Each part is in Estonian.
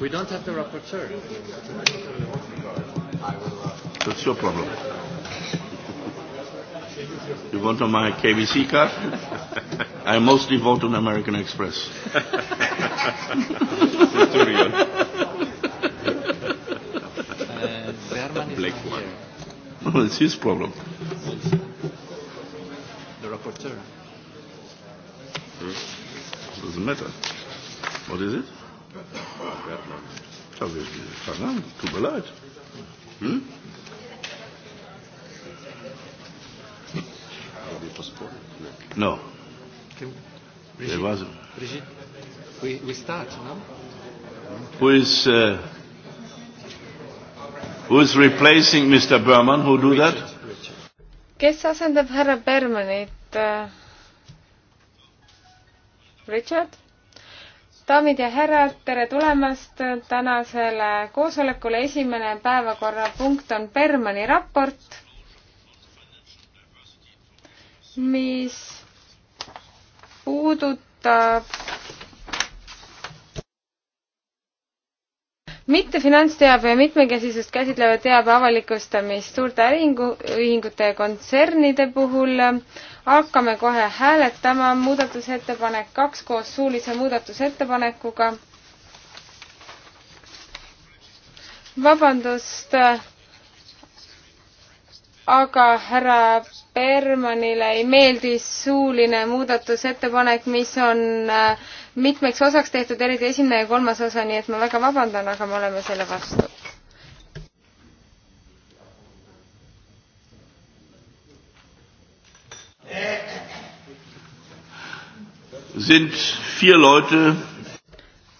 We don't have the rapporteur. That's your problem. You vote on my KBC card? I mostly vote on American Express. Centurion. uh, Black one. Well, uh, it's his problem sir. Hmm? What's the matter? What is it? Ja, wir fangen an. Tut mir leid. Hm? No. Brigitte, there was a... Brigitte, we, we start, no? Who is, uh, who is replacing Mr. Berman? Who do Richard, that? Richard. kes asendab härra Bermanit? Äh, Richard. daamid ja härrad, tere tulemast tänasele koosolekule. esimene päevakorrapunkt on Bermani raport, mis puudutab mitte finantsteabe ja mitmekesisust käsitleva teabe avalikustamist suurte äriühingute ja kontsernide puhul hakkame kohe hääletama muudatusettepanek kaks koos suulise muudatusettepanekuga. vabandust, aga härra Bermanile ei meeldi suuline muudatusettepanek, mis on äh, mitmeks osaks tehtud, eriti esimene ja kolmas osa, nii et ma väga vabandan, aga me oleme selle vastu.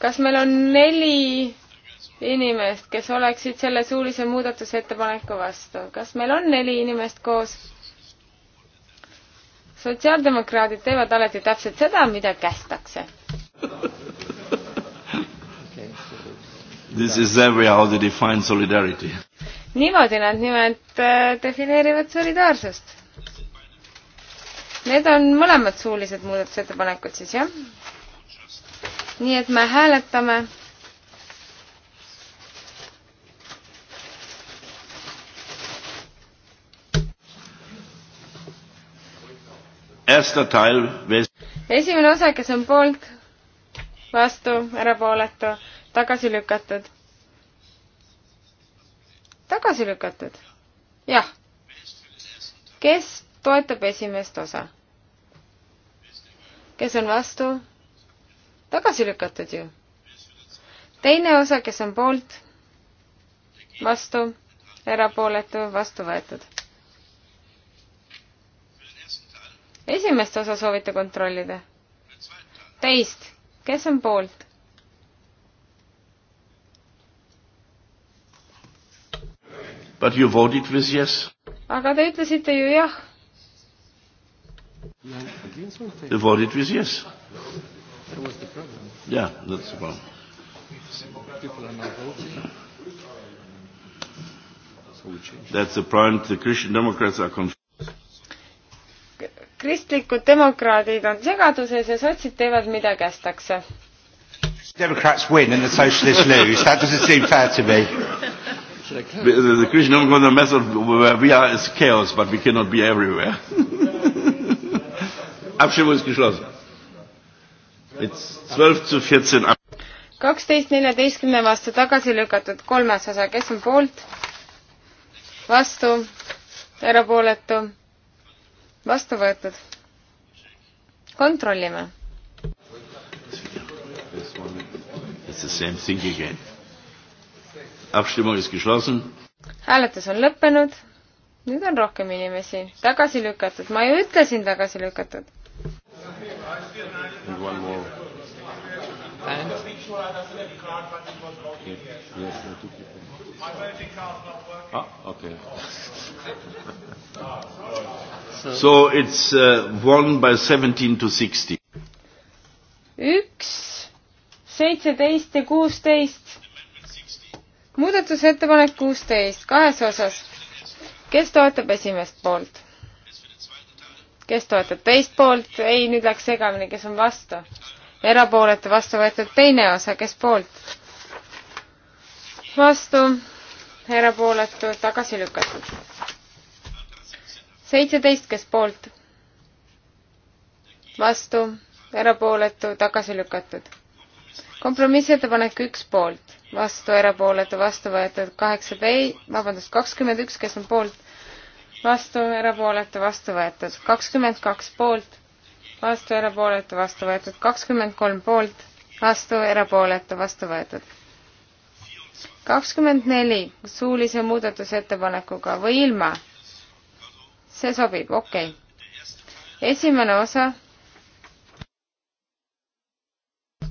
kas meil on neli inimest, kes oleksid selle suulise muudatusettepaneku vastu, kas meil on neli inimest koos? sotsiaaldemokraadid teevad alati täpselt seda, mida kästakse This is every how they define solidarity. niimoodi nad nimelt äh, defineerivad solidaarsust. Need on mõlemad suulised muudatusettepanekud siis, jah? nii et me hääletame erster Teil, esimene osa, kes on poolt, vastu, erapooletu, tagasi lükatud. tagasi lükatud? jah. kes toetab esimest osa? kes on vastu? tagasi lükatud ju. teine osa, kes on poolt? vastu, erapooletu, vastu võetud. esimest osa soovite kontrollida? teist kes on poolt? But you voted with yes. aga te ütlesite ju jah. You voted with yes. That was the problem. Yeah, that's the problem. People are not voting. That's the point. The Christian Democrats are confused kristlikud demokraadid on segaduses ja sotsid teevad, mida kästakse. Democrats win and the socialists lose. That doesn't seem fair to me. The, the Christian Democrat method where we are is chaos, but we cannot be everywhere. Abstimmung ist geschlossen. Mit 12 zu 14. kaksteist neljateistkümne vastu tagasi lükatud kolmas osa, kes on poolt? vastu, erapooletu vastu võetud. kontrollime. hääletus on lõppenud. nüüd on rohkem inimesi. tagasi lükatud. ma ju ütlesin tagasi lükatud. One more. And? Yes, yes, I took it. Ah, okay. So it's uh, one by seventeen to sixty. üks, seitseteist ja kuusteist. muudatusettepanek kuusteist, kahes osas. kes toetab esimest poolt? kes toetab teist poolt? ei, nüüd läks segamini, kes on vastu? erapooletu vastu võetud teine osa, kes poolt? vastu, erapooletu, tagasi lükatud seitseteist, kes poolt? vastu, erapooletu, tagasi lükatud. kompromissettepanek üks poolt, vastu, erapooletu, vastu võetud kaheksateist, vabandust, kakskümmend üks, kes on poolt, vastu, erapooletu, vastu võetud, kakskümmend kaks poolt, vastu, erapooletu, vastu võetud, kakskümmend kolm poolt, vastu, erapooletu, vastu võetud kakskümmend neli suulise muudatusettepanekuga või ilma see sobib, okei okay.. esimene osa.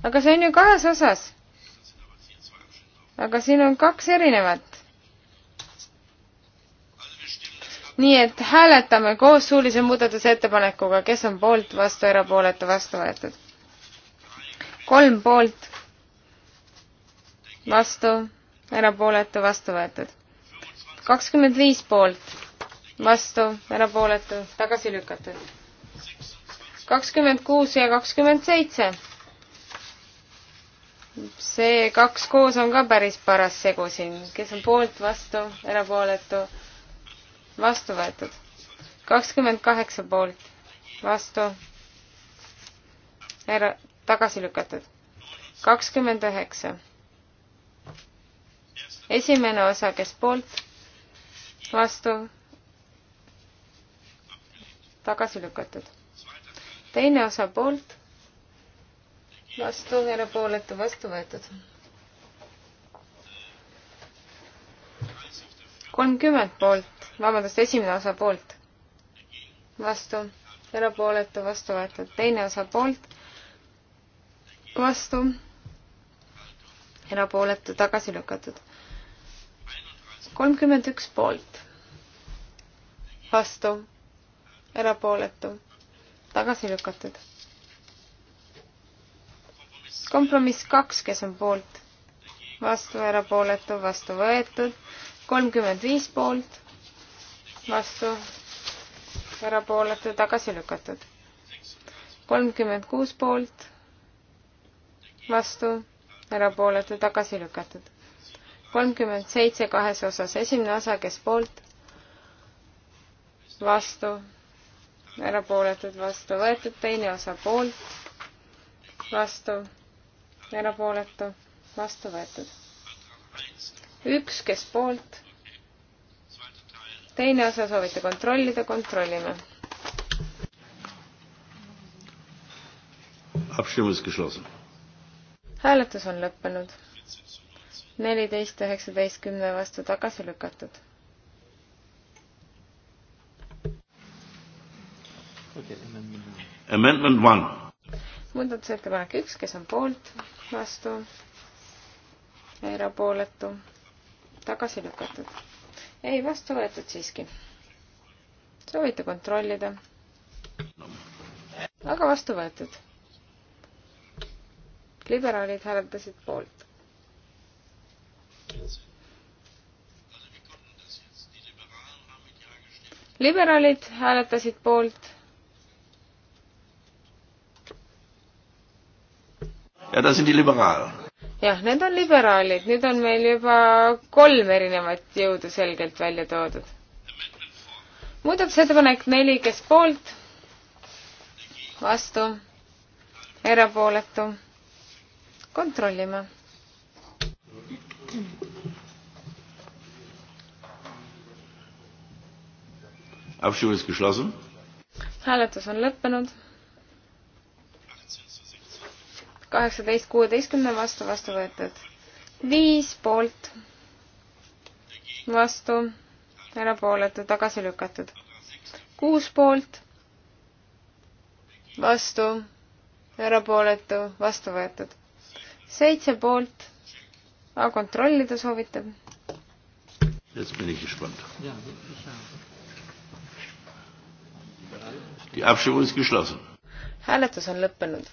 aga see on ju kahes osas. aga siin on kaks erinevat. nii et hääletame koos suulise muudatusettepanekuga, kes on poolt, vastu, erapooletu, vastu võetud. kolm poolt, vastu, erapooletu, vastu võetud. kakskümmend viis poolt vastu, erapooletu, tagasi lükatud. kakskümmend kuus ja kakskümmend seitse. see kaks koos on ka päris paras segu siin, kes on poolt, vastu, erapooletu, vastu võetud. kakskümmend kaheksa poolt, vastu, era-, tagasi lükatud. kakskümmend üheksa. esimene osa, kes poolt, vastu tagasi lükatud. teine osa poolt, vastu, erapooletu, vastu võetud. kolmkümmend poolt, vabandust, esimene osa poolt, vastu, erapooletu, vastu võetud, teine osa poolt, vastu, erapooletu, tagasi lükatud. kolmkümmend üks poolt, vastu erapooletu, tagasi lükatud. kompromiss kaks, kes on poolt, vastu, erapooletu, vastu võetud, kolmkümmend viis poolt, vastu, erapooletu, tagasi lükatud. kolmkümmend kuus poolt, vastu, erapooletu, tagasi lükatud. kolmkümmend seitse kahes osas, esimene osa, kes poolt, vastu erapooletud, vastu võetud, teine osa poolt, vastu, erapooletu, vastu võetud. üks, kes poolt, teine osa soovite kontrollida, kontrollime. hääletus on lõppenud. neliteist üheksateistkümne vastu tagasi lükatud Amendment one. muudatusettepanek üks, kes on poolt, vastu, erapooletu, tagasi lükatud. ei, vastu võetud siiski. soovite kontrollida? aga vastu võetud. liberaalid hääletasid poolt. liberaalid hääletasid poolt ja ta sind liberaal. jah, need on liberaalid, nüüd on meil juba kolm erinevat jõudu selgelt välja toodud. muudatusettepanek neli, kes poolt? vastu? erapooletu? kontrollime. hääletus on lõppenud kaheksateist kuueteistkümne vastu, vastu võetud. viis poolt, vastu, erapooletu, tagasi lükatud. kuus poolt, vastu, erapooletu, vastu võetud. seitse poolt, aga kontrollida soovitab Jetzt bin ich gespannt. Die Abstimmung ist geschlossen. Hääletus on lõppenud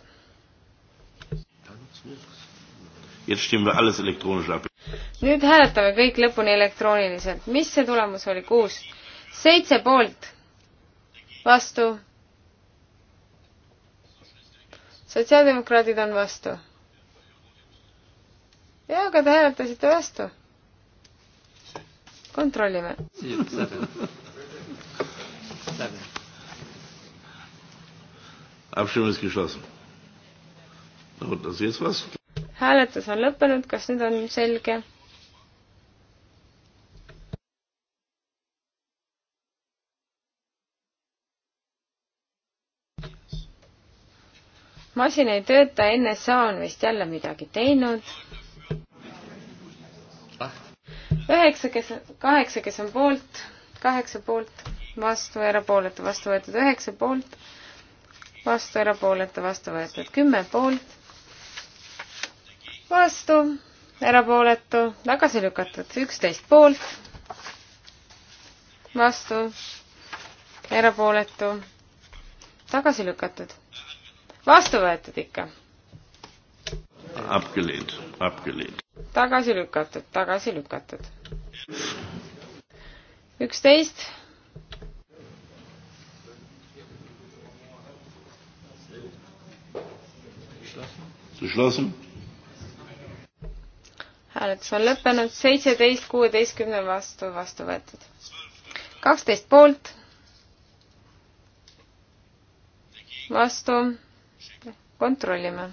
nüüd hääletame kõik lõpuni elektrooniliselt. mis see tulemus oli? kuus. seitse poolt. vastu. sotsiaaldemokraadid on vastu. jaa, aga te hääletasite vastu. kontrollime. Abstimmung ist geschlossen hääletus on lõppenud, kas nüüd on selge? masin ei tööta, NSA on vist jälle midagi teinud. Ah. üheksa, kes, kaheksa, kes on poolt, kaheksa poolt, vastu, erapooletu, vastu võetud üheksa poolt, vastu, erapooletu, vastu võetud kümme poolt vastu, erapooletu, tagasi lükatud, üksteist poolt, vastu, erapooletu, tagasi lükatud, vastu võetud ikka. Abgelehnt, abgelehnt. tagasi lükatud, tagasi lükatud. üksteist geschlossen hääletus on lõppenud, seitseteist kuueteistkümne vastu, vastu võetud. kaksteist poolt, vastu, kontrollime.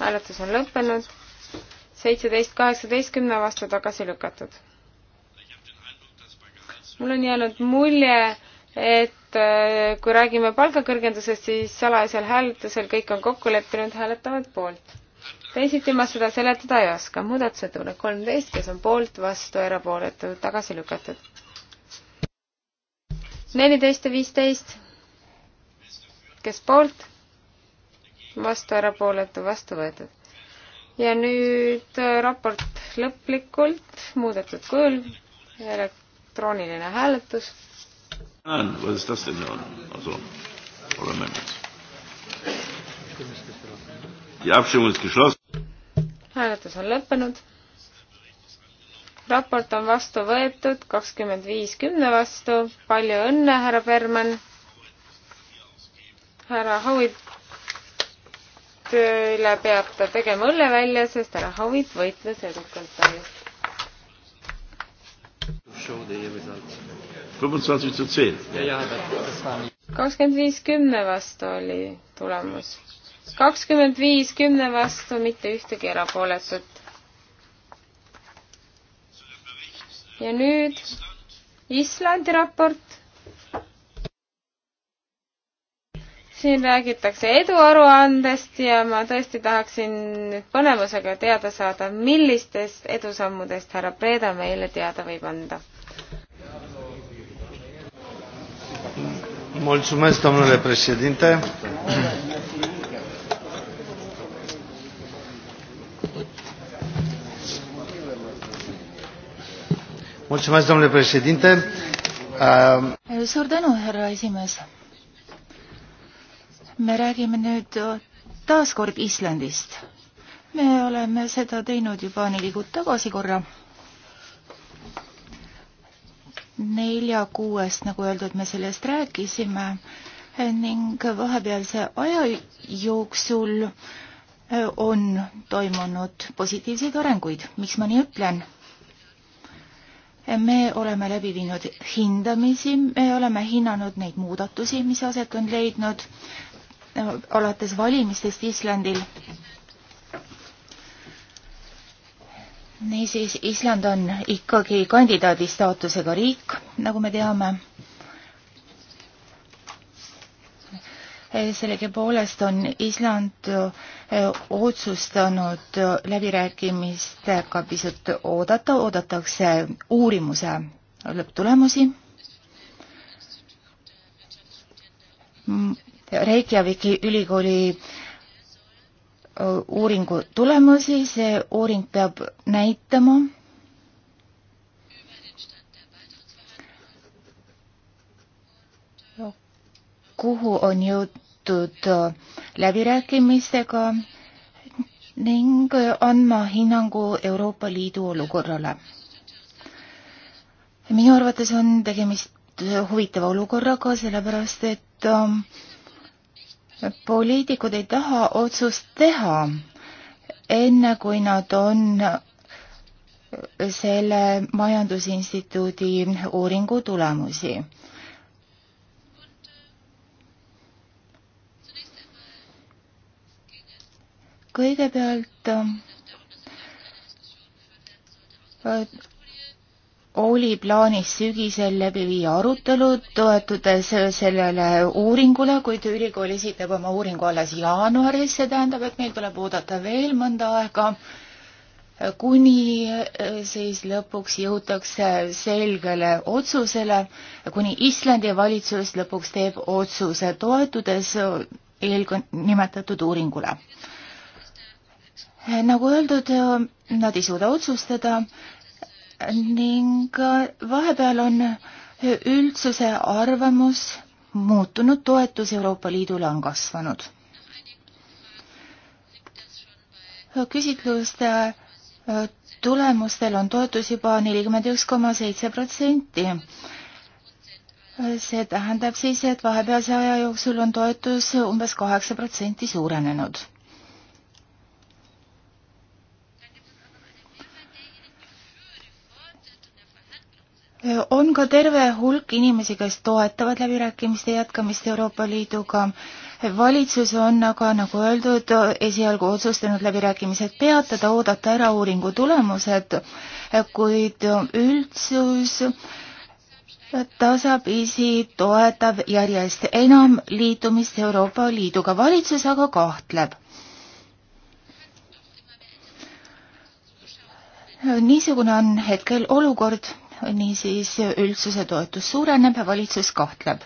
hääletus on lõppenud, seitseteist kaheksateistkümne vastu tagasi lükatud mul on jäänud mulje, et äh, kui räägime palgakõrgendusest, siis salajasel hääletusel kõik on kokku leppinud, hääletavad poolt. teisiti ma seda seletada ei oska. muudatusettepanek kolmteist, kes on poolt, vastu, erapooletu, tagasi lükatud. neliteist ja viisteist, kes poolt, vastu, erapooletu, vastu võetud. ja nüüd äh, raport lõplikult muudetud kujul elektrooniline hääletus. hääletus on lõppenud. raport on vastu võetud, kakskümmend viis kümne vastu. palju õnne, härra Berman. härra Howitt tööle peab ta tegema õlle välja, sest härra Howitt võitles edukalt show the results. 25 zu 10. kakskümmend viis kümne vastu oli tulemus. kakskümmend viis kümne vastu, mitte ühtegi erapooletut. ja nüüd Islandi raport. siin räägitakse eduaruandest ja ma tõesti tahaksin nüüd põnevusega teada saada, millistest edusammudest härra Preeda meile teada võib anda Mulțumesc, domnule președinte. Mulțumesc, domnule președinte. Ehm, suur tänu, härra esimees. me räägime nüüd äh, taas kord Islandist. me oleme seda teinud juba neli kuud tagasi korra nelja-kuuest, nagu öeldud, me sellest rääkisime ning vahepealse aja jooksul äh, on toimunud positiivseid arenguid. miks ma nii ütlen? me oleme läbi viinud hindamisi, me oleme hinnanud neid muudatusi, mis aset on leidnud äh, alates valimistest Islandil niisiis, Island on ikkagi kandidaadi staatusega riik, nagu me teame. sellegipoolest on Island eh, otsustanud läbirääkimistega pisut oodata, oodatakse uurimuse lõpptulemusi. Reykjaviki ülikooli äh, Äh, uuringu tulemusi, see uuring peab näitama, kuhu on jõutud äh, läbirääkimistega ning äh, andma hinnangu Euroopa Liidu olukorrale. minu arvates on tegemist huvitava olukorraga, sellepärast et poliitikud ei taha otsust teha, enne kui nad on selle Majandusinstituudi uuringu tulemusi. kõigepealt oli plaanis sügisel läbi viia arutelud, toetudes sellele uuringule, kuid ülikool esitab oma uuringu alles jaanuaris, see tähendab, et meil tuleb oodata veel mõnda aega, kuni eh, siis lõpuks jõutakse selgele otsusele, kuni Islandi valitsus lõpuks teeb otsuse, toetudes eelnimetatud uuringule nagu öeldud, nad ei suuda otsustada ning äh, vahepeal on äh, üldsuse arvamus muutunud, toetus Euroopa Liidule on kasvanud. küsitluste äh, tulemustel on toetus juba nelikümmend üks koma seitse protsenti. see tähendab siis, et vahepealse aja jooksul on toetus umbes kaheksa protsenti suurenenud on ka terve hulk inimesi, kes toetavad läbirääkimiste jätkamist Euroopa Liiduga. valitsus on aga, nagu öeldud, esialgu otsustanud läbirääkimised peatada, oodata ära uuringu tulemused, kuid üldsus tasapisi toetab järjest enam liitumist Euroopa Liiduga, valitsus aga kahtleb niisugune on hetkel olukord niisiis üldsuse toetus suureneb ja valitsus kahtleb.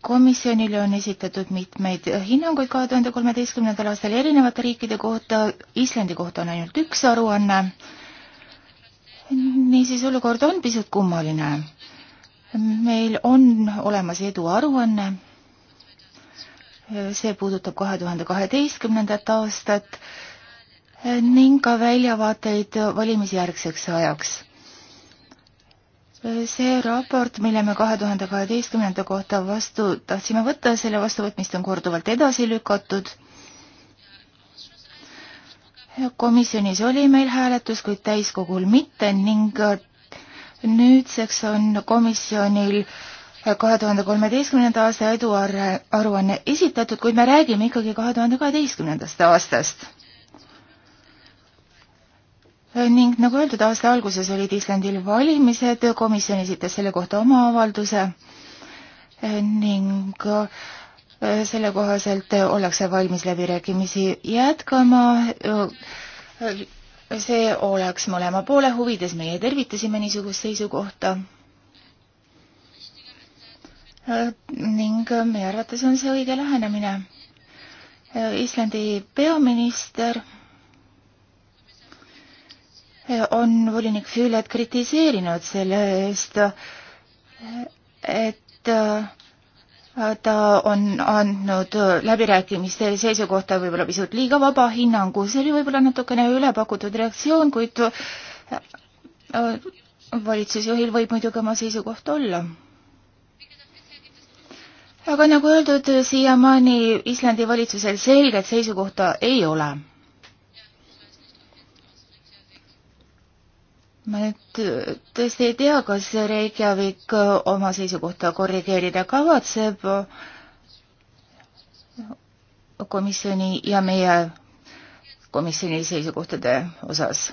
komisjonile on esitatud mitmeid hinnanguid kahe tuhande kolmeteistkümnendal aastal erinevate riikide kohta, Islandi kohta on ainult üks aruanne. niisiis olukord on pisut kummaline. meil on olemas eduaruanne see puudutab kahe tuhande kaheteistkümnendat aastat ning ka väljavaateid valimisjärgseks ajaks. see raport, mille me kahe tuhande kaheteistkümnenda kohta vastu tahtsime võtta, selle vastuvõtmist on korduvalt edasi lükatud. komisjonis oli meil hääletus, kuid täiskogul mitte ning nüüdseks on komisjonil kahe tuhande kolmeteistkümnenda aasta eduaruanne esitatud, kuid me räägime ikkagi kahe tuhande kaheteistkümnendast aastast Äh, ning nagu öeldud, aasta alguses olid Islandil valimised, komisjon esitas selle kohta oma avalduse äh, ning äh, selle kohaselt ollakse valmis läbirääkimisi jätkama. see oleks mõlema poole huvides, meie tervitasime niisugust seisukohta. ning meie arvates on see õige lähenemine. Islandi peaminister on volinik Füület kritiseerinud selle eest, et äh, ta on andnud läbirääkimiste seisukohta võib-olla pisut liiga vaba hinnangu, see oli võib-olla natukene ülepakutud reaktsioon, kuid äh, valitsusjuhil võib muidugi oma seisukoht olla aga nagu öeldud, siiamaani Islandi valitsusel selget seisukohta ei ole ma nüüd äh, tõesti ei tea, kas Reykjavik äh, oma seisukohta korrigeerida kavatseb äh, komisjoni ja meie komisjoni seisukohtade osas.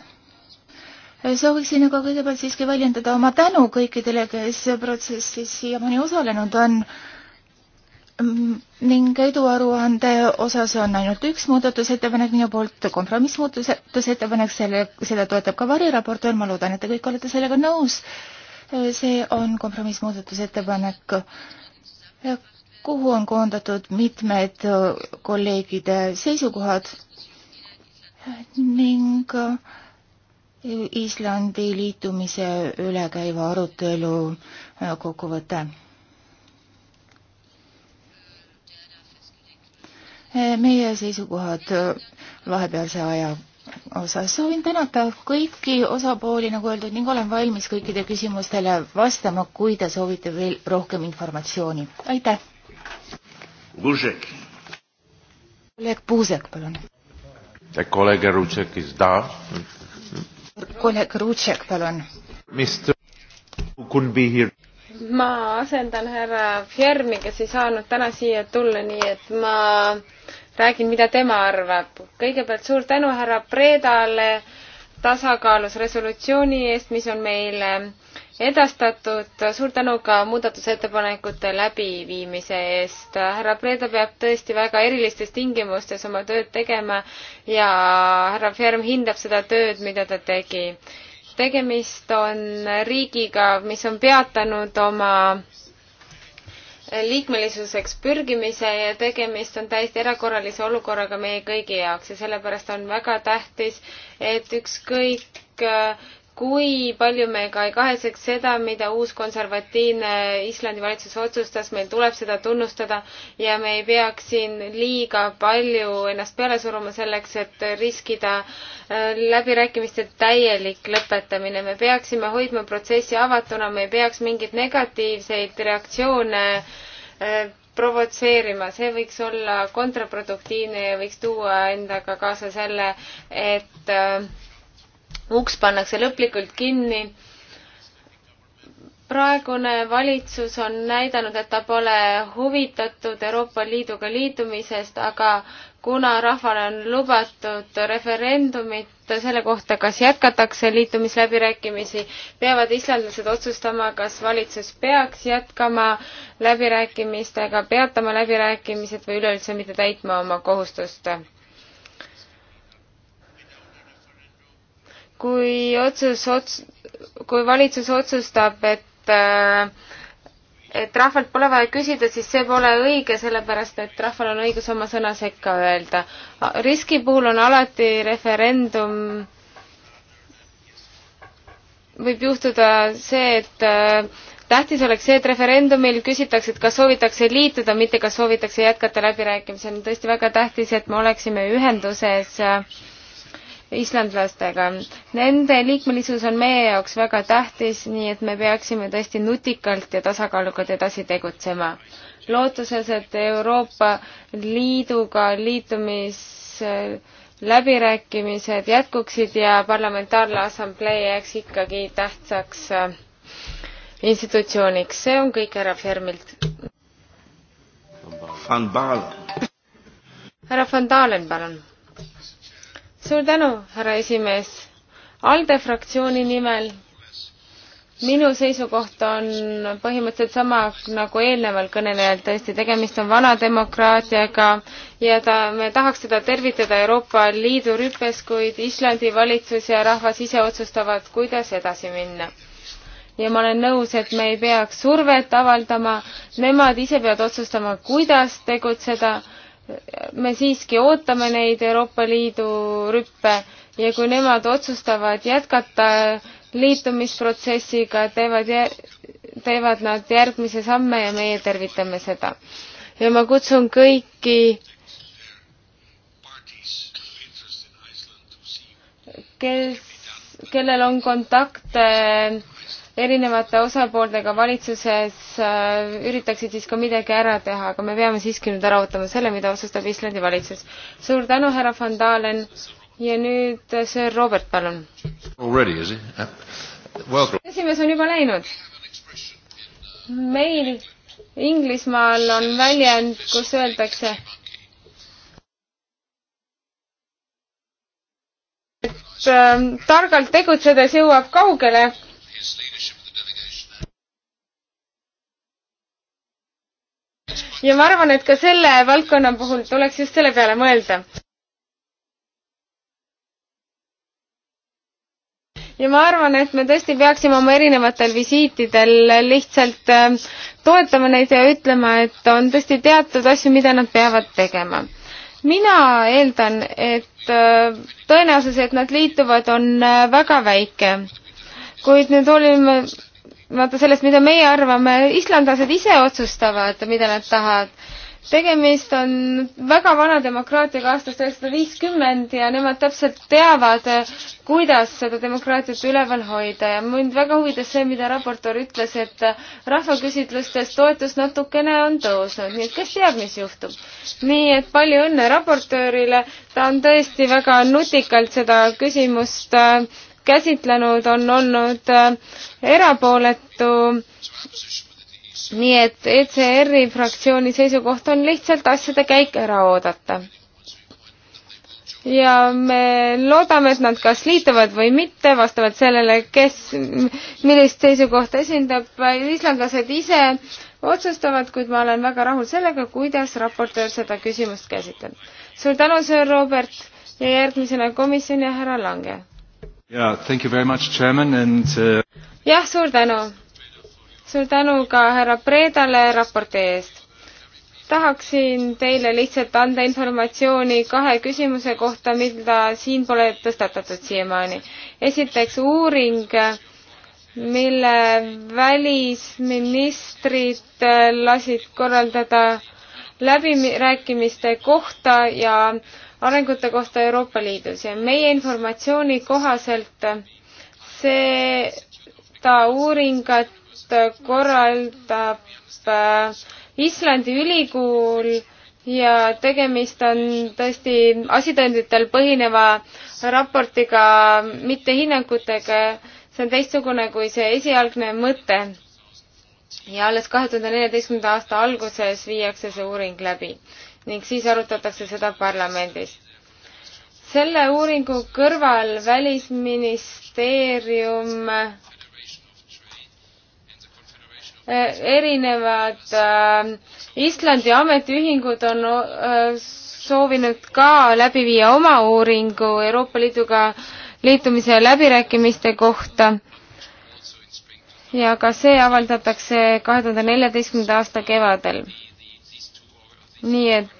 sooviksin aga kõigepealt siiski väljendada oma tänu kõikidele, kes protsessis siiamaani osalenud on äh, Mm, ning eduaruande osas on ainult üks muudatusettepanek minu poolt, kompromissmuudatusettepanek, selle, seda toetab ka variraportöör, ma loodan, et te kõik olete sellega nõus. see on kompromissmuudatusettepanek, kuhu on koondatud mitmed kolleegide seisukohad ning Islandi liitumise üle käiva arutelu kokkuvõte Eh, meie seisukohad eh, vahepealse aja osas. soovin tänada kõiki osapooli, nagu öeldud, ning olen valmis kõikide küsimustele vastama, kui te soovite veel rohkem informatsiooni. aitäh! Bužek. kolleeg Puusek, palun. E, kolleeg Rutšek, da? kolleeg Rutšek, palun. Mr. Couldn't be here ma asendan härra Fjermi, kes ei saanud täna siia tulla, nii et ma räägin, mida tema arvab. kõigepealt suur tänu härra Predale tasakaalus resolutsiooni eest, mis on meile edastatud. suur tänu ka muudatusettepanekute läbiviimise eest. härra Preda peab tõesti väga erilistes tingimustes oma tööd tegema ja härra Ferm hindab seda tööd, mida ta tegi. tegemist on riigiga, mis on peatanud oma liikmelisuseks pürgimise ja tegemist on täiesti erakorralise olukorraga meie kõigi jaoks ja sellepärast on väga tähtis, et ükskõik kui palju me ka ei kaheseks seda, mida uus konservatiivne Islandi valitsus otsustas, meil tuleb seda tunnustada ja me ei peaks siin liiga palju ennast peale suruma selleks, et riskida äh, läbirääkimiste täielik lõpetamine. me peaksime hoidma protsessi avatuna, me ei peaks mingeid negatiivseid reaktsioone äh, provotseerima, see võiks olla kontraproduktiivne ja võiks tuua endaga kaasa selle, et äh, uks pannakse lõplikult kinni. praegune valitsus on näidanud, et ta pole huvitatud Euroopa Liiduga liitumisest, aga kuna rahvale on lubatud referendumit selle kohta, kas jätkatakse liitumisläbirääkimisi, peavad islandlased otsustama, kas valitsus peaks jätkama läbirääkimistega, peatama läbirääkimised või üleüldse mitte täitma oma kohustust kui otsus ots-, kui valitsus otsustab, et äh, et rahvalt pole vaja küsida, siis see pole õige, sellepärast et rahval on õigus oma sõna sekka öelda. riski puhul on alati referendum, võib juhtuda see, et äh, tähtis oleks see, et referendumil küsitakse, et kas soovitakse liituda, mitte kas soovitakse jätkata läbirääkimisi. on tõesti väga tähtis, et me oleksime ühenduses äh, islandlastega. Nende liikmelisus on meie jaoks väga tähtis, nii et me peaksime tõesti nutikalt ja tasakaalukalt edasi tegutsema. lootuses, et Euroopa Liiduga liitumisläbirääkimised jätkuksid ja parlamentaarne assamblee jääks ikkagi tähtsaks äh, institutsiooniks. see on kõik härra Fermilt. härra Van Dalen, palun suur tänu, härra esimees. ALDE fraktsiooni nimel minu seisukoht on põhimõtteliselt sama nagu eelneval kõnelejal, tõesti, tegemist on vana demokraatiaga ja ta, me tahaks teda tervitada Euroopa Liidu rüpes, kuid Islandi valitsus ja rahvas ise otsustavad, kuidas edasi minna. ja ma olen nõus, et me ei peaks survet avaldama, nemad ise peavad otsustama, kuidas tegutseda me siiski ootame neid Euroopa Liidu rüppe ja kui nemad otsustavad jätkata liitumisprotsessiga, teevad, teevad nad järgmise samme ja meie tervitame seda. ja ma kutsun kõiki, kes, kellel on kontakte erinevate osapooltega valitsuses Äh, üritaksid siis ka midagi ära teha, aga me peame siiski nüüd ära ootama selle, mida otsustab Islandi valitsus. suur tänu, härra van Dalen ja nüüd äh, Sir Robert, palun. Uh, esimees on juba läinud. meil Inglismaal on väljend, kus öeldakse, et äh, targalt tegutsedes jõuab kaugele ja ma arvan, et ka selle valdkonna puhul tuleks just selle peale mõelda. ja ma arvan, et me tõesti peaksime oma erinevatel visiitidel lihtsalt äh, toetama neid ja ütlema, et on tõesti teatud asju, mida nad peavad tegema. mina eeldan, et äh, tõenäosus, et nad liituvad, on äh, väga väike. kuid nüüd olime vaata sellest, mida meie arvame, islandlased ise otsustavad, mida nad tahavad. tegemist on väga vana demokraatiaga aastast üheksasada viiskümmend ja nemad täpselt teavad, kuidas seda demokraatiat üleval hoida ja mind väga huvitas see, mida raportöör ütles, et rahvaküsitlustes toetus natukene on tõusnud, nii et kes teab, mis juhtub. nii et palju õnne raportöörile, ta on tõesti väga nutikalt seda küsimust äh, käsitlenud, on olnud äh, erapooletu. nii et ECR-i fraktsiooni seisukoht on lihtsalt asjade käik ära oodata. ja me loodame, et nad kas liituvad või mitte, vastavalt sellele, kes millist seisukohta esindab. islandlased ise otsustavad, kuid ma olen väga rahul sellega, kuidas raportöör seda küsimust käsitleb. suur tänu, sõõr Robert ja järgmisena komisjon ja härra Lange Uh, jah, suur tänu. suur tänu ka härra Predale raporti eest. tahaksin teile lihtsalt anda informatsiooni kahe küsimuse kohta, mida siin pole tõstatatud siiamaani. esiteks uuring mille välisministrid lasid korraldada läbirääkimiste kohta ja arengute kohta Euroopa Liidus ja meie informatsiooni kohaselt seda uuringat korraldab äh, Islandi ülikool ja tegemist on tõesti asitõenditel põhineva raportiga, mitte hinnangutega. see on teistsugune kui see esialgne mõte. ja alles kahe tuhande neljateistkümnenda aasta alguses viiakse see uuring läbi ning siis arutatakse seda parlamendis. selle uuringu kõrval Välisministeerium eh, erinevad äh, Islandi ametiühingud on äh, soovinud ka läbi viia oma uuringu Euroopa Liiduga liitumise läbirääkimiste kohta ja ka see avaldatakse kahe tuhande neljateistkümnenda aasta kevadel. nii et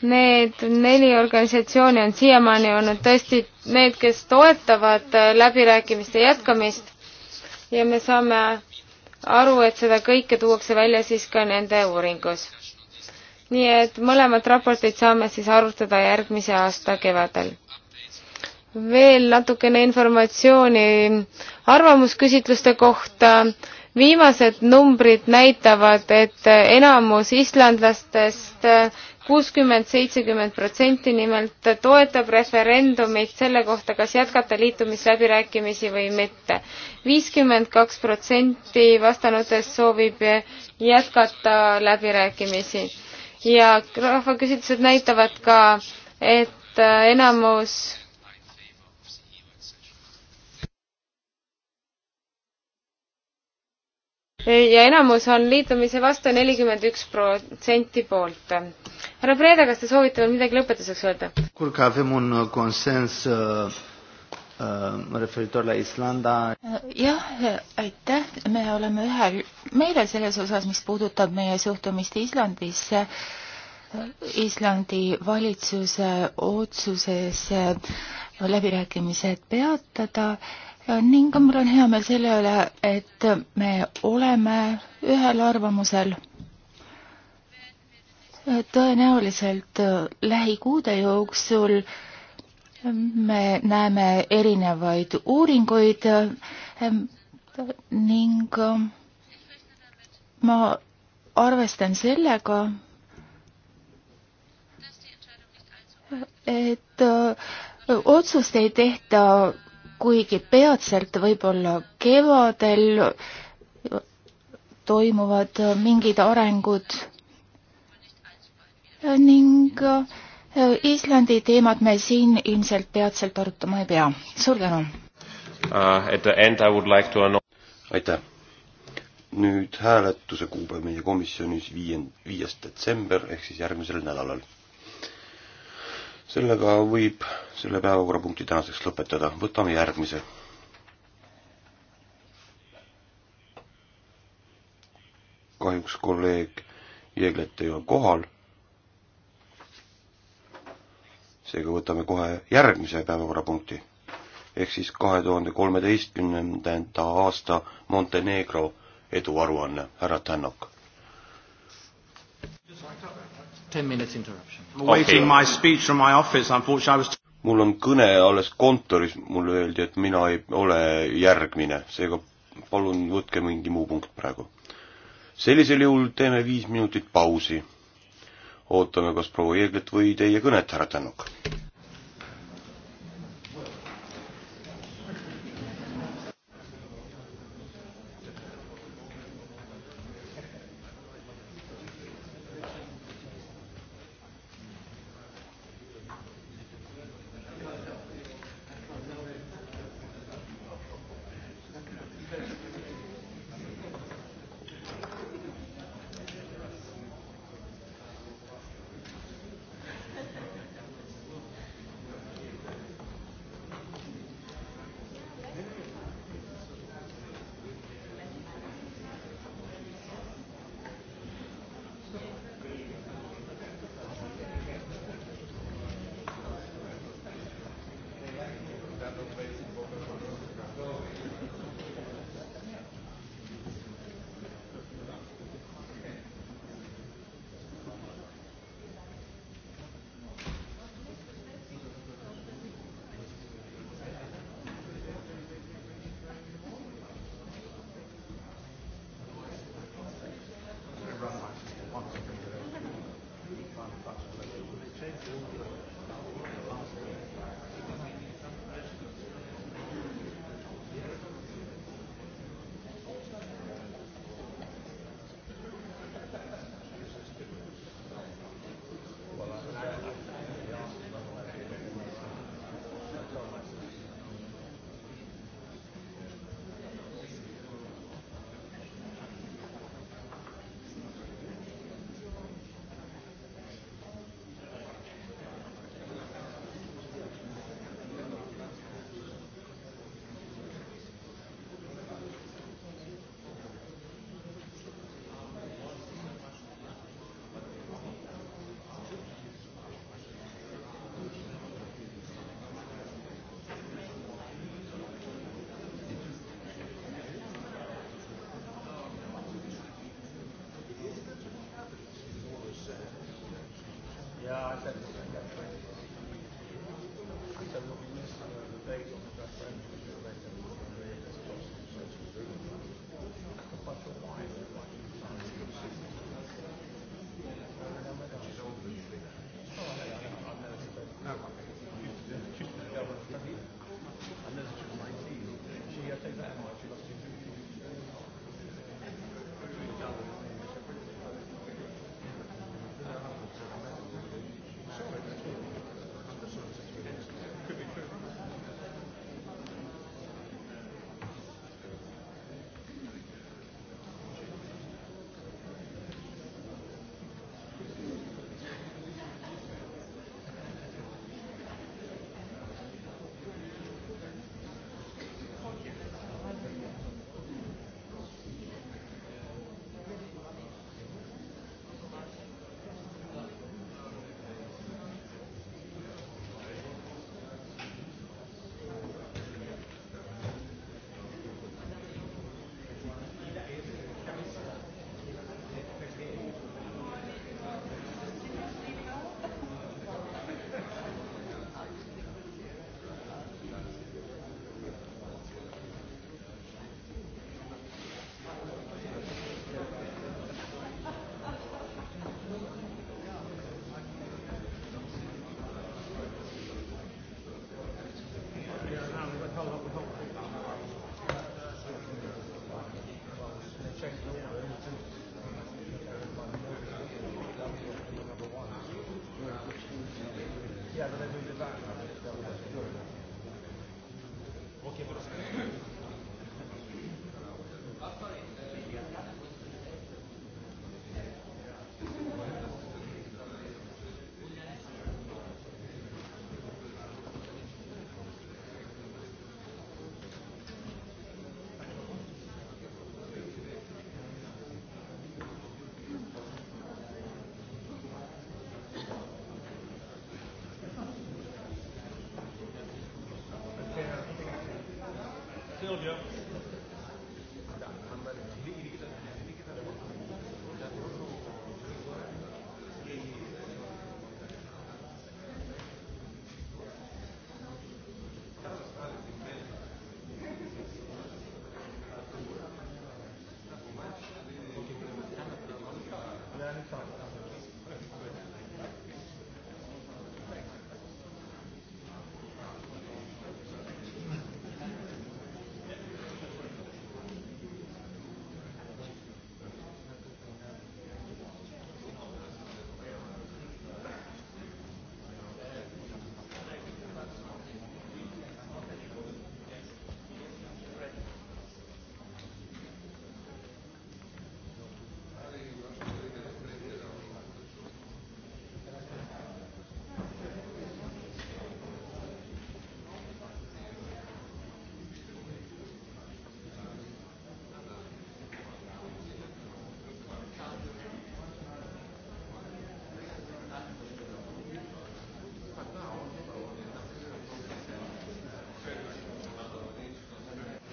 Need neli organisatsiooni on siiamaani olnud tõesti need, kes toetavad äh, läbirääkimiste jätkamist ja me saame aru, et seda kõike tuuakse välja siis ka nende uuringus. nii et mõlemat raportit saame siis arutada järgmise aasta kevadel. veel natukene informatsiooni arvamusküsitluste kohta. viimased numbrid näitavad, et enamus islandlastest äh, kuuskümmend, seitsekümmend protsenti nimelt toetab referendumit selle kohta, kas jätkata liitumisläbirääkimisi või mitte. viiskümmend kaks protsenti vastanutest soovib jätkata läbirääkimisi ja rahvaküsitlused näitavad ka, et enamus ja enamus on liitumise vastu nelikümmend üks protsenti poolt. härra Preeda, kas te soovite veel midagi lõpetuseks öelda? Uh, uh, uh, jah, aitäh, me oleme ühel meelel selles osas, mis puudutab meie suhtumist Islandisse. Islandi valitsuse otsuses läbirääkimised peatada Äh, ning mul on hea meel selle üle, et me oleme ühel arvamusel. Äh, tõenäoliselt äh, lähikuude jooksul me näeme erinevaid uuringuid ning ma arvestan sellega, et otsust ei tehta kuigi peatselt, võib-olla kevadel toimuvad mingid arengud ning äh, Islandi teemat me siin ilmselt peatselt arutama ei pea. suur tänu uh,! Like to... aitäh! nüüd hääletuse kuupäev meie komisjonis viien-, viies detsember ehk siis järgmisel nädalal sellega võib selle päevakorrapunkti tänaseks lõpetada, võtame järgmise. kahjuks kolleeg Jeeglet ei ole kohal. seega võtame kohe järgmise päevakorrapunkti ehk siis kahe tuhande kolmeteistkümnenda aasta Montenegro eduaruanne, härra Tännok Okay. mul on kõne alles kontoris, mulle öeldi, et mina ei ole järgmine, seega palun võtke mingi muu punkt praegu. sellisel juhul teeme viis minutit pausi. ootame kas proua Jeeglit või teie kõnet, härra Tänuk.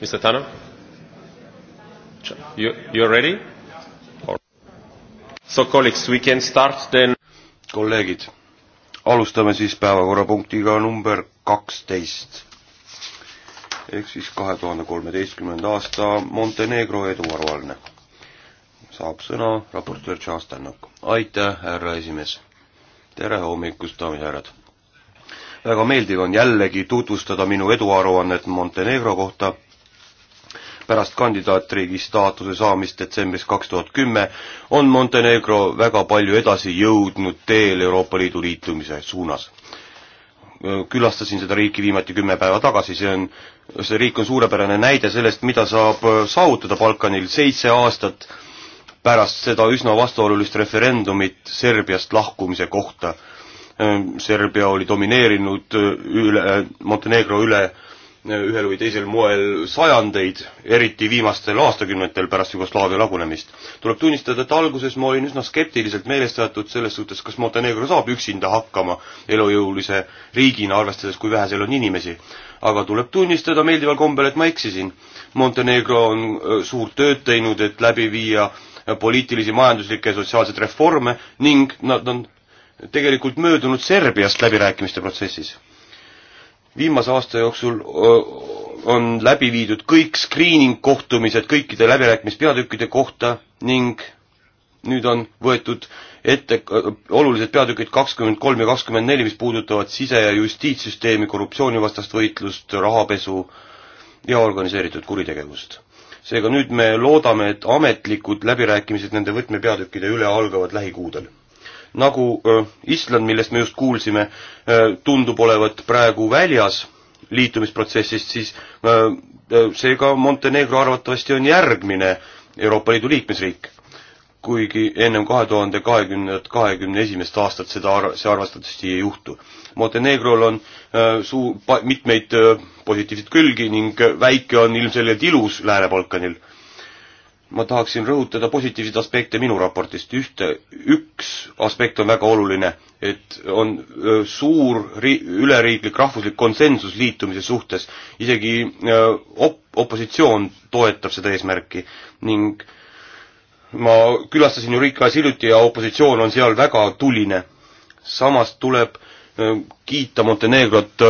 Mr. Tanner? You, you're ready? So colleagues, we can start then. kolleegid, alustame siis päevakorrapunktiga number kaksteist. ehk siis kahe tuhande kolmeteistkümnenda aasta Montenegro eduaruanne. saab sõna raportöör Charles Tannock. aitäh, härra esimees. tere hommikust, daamid ja härrad. väga meeldiv on jällegi tutvustada minu eduaruannet Montenegro kohta pärast kandidaatriigi staatuse saamist detsembris kaks tuhat kümme on Montenegro väga palju edasi jõudnud teel Euroopa Liidu liitumise suunas. külastasin seda riiki viimati kümme päeva tagasi, see on, see riik on suurepärane näide sellest, mida saab saavutada Balkanil seitse aastat pärast seda üsna vastuolulist referendumit Serbiast lahkumise kohta Serbia oli domineerinud üle, Montenegro üle ühel või teisel moel sajandeid, eriti viimastel aastakümnetel pärast Jugoslaavia lagunemist. tuleb tunnistada, et alguses ma olin üsna skeptiliselt meelestatud selles suhtes, kas Montenegro saab üksinda hakkama elujõulise riigina, arvestades, kui vähe seal on inimesi. aga tuleb tunnistada meeldival kombel, et ma eksisin. Montenegro on äh, suurt tööd teinud, et läbi viia äh, poliitilisi, majanduslikke ja sotsiaalseid reforme ning nad on tegelikult möödunud Serbiast läbirääkimiste protsessis viimase aasta jooksul on läbi viidud kõik screening kohtumised kõikide läbirääkimispeatükkide kohta ning nüüd on võetud ette olulised peatükid kakskümmend kolm ja kakskümmend neli, mis puudutavad sise- ja justiitssüsteemi, korruptsioonivastast võitlust, rahapesu ja organiseeritud kuritegevust. seega nüüd me loodame, et ametlikud läbirääkimised nende võtmepeatükkide üle algavad lähikuudel nagu Island, millest me just kuulsime, tundub olevat praegu väljas liitumisprotsessist, siis seega Montenegro arvatavasti on järgmine Euroopa Liidu liikmesriik. kuigi ennem kahe tuhande kahekümnendat, kahekümne esimest aastat seda ar-, see arvatavasti ei juhtu. Montenegrol on suu-, mitmeid positiivseid külgi ning väike on ilmselgelt ilus Lääne-Balkanil ma tahaksin rõhutada positiivseid aspekte minu raportist. ühte, üks aspekt on väga oluline, et on suur ri-, üleriiklik rahvuslik konsensus liitumise suhtes. isegi op-, opositsioon toetab seda eesmärki ning ma külastasin Eureka's hiljuti ja opositsioon on seal väga tuline. samas tuleb kiita Montenegrot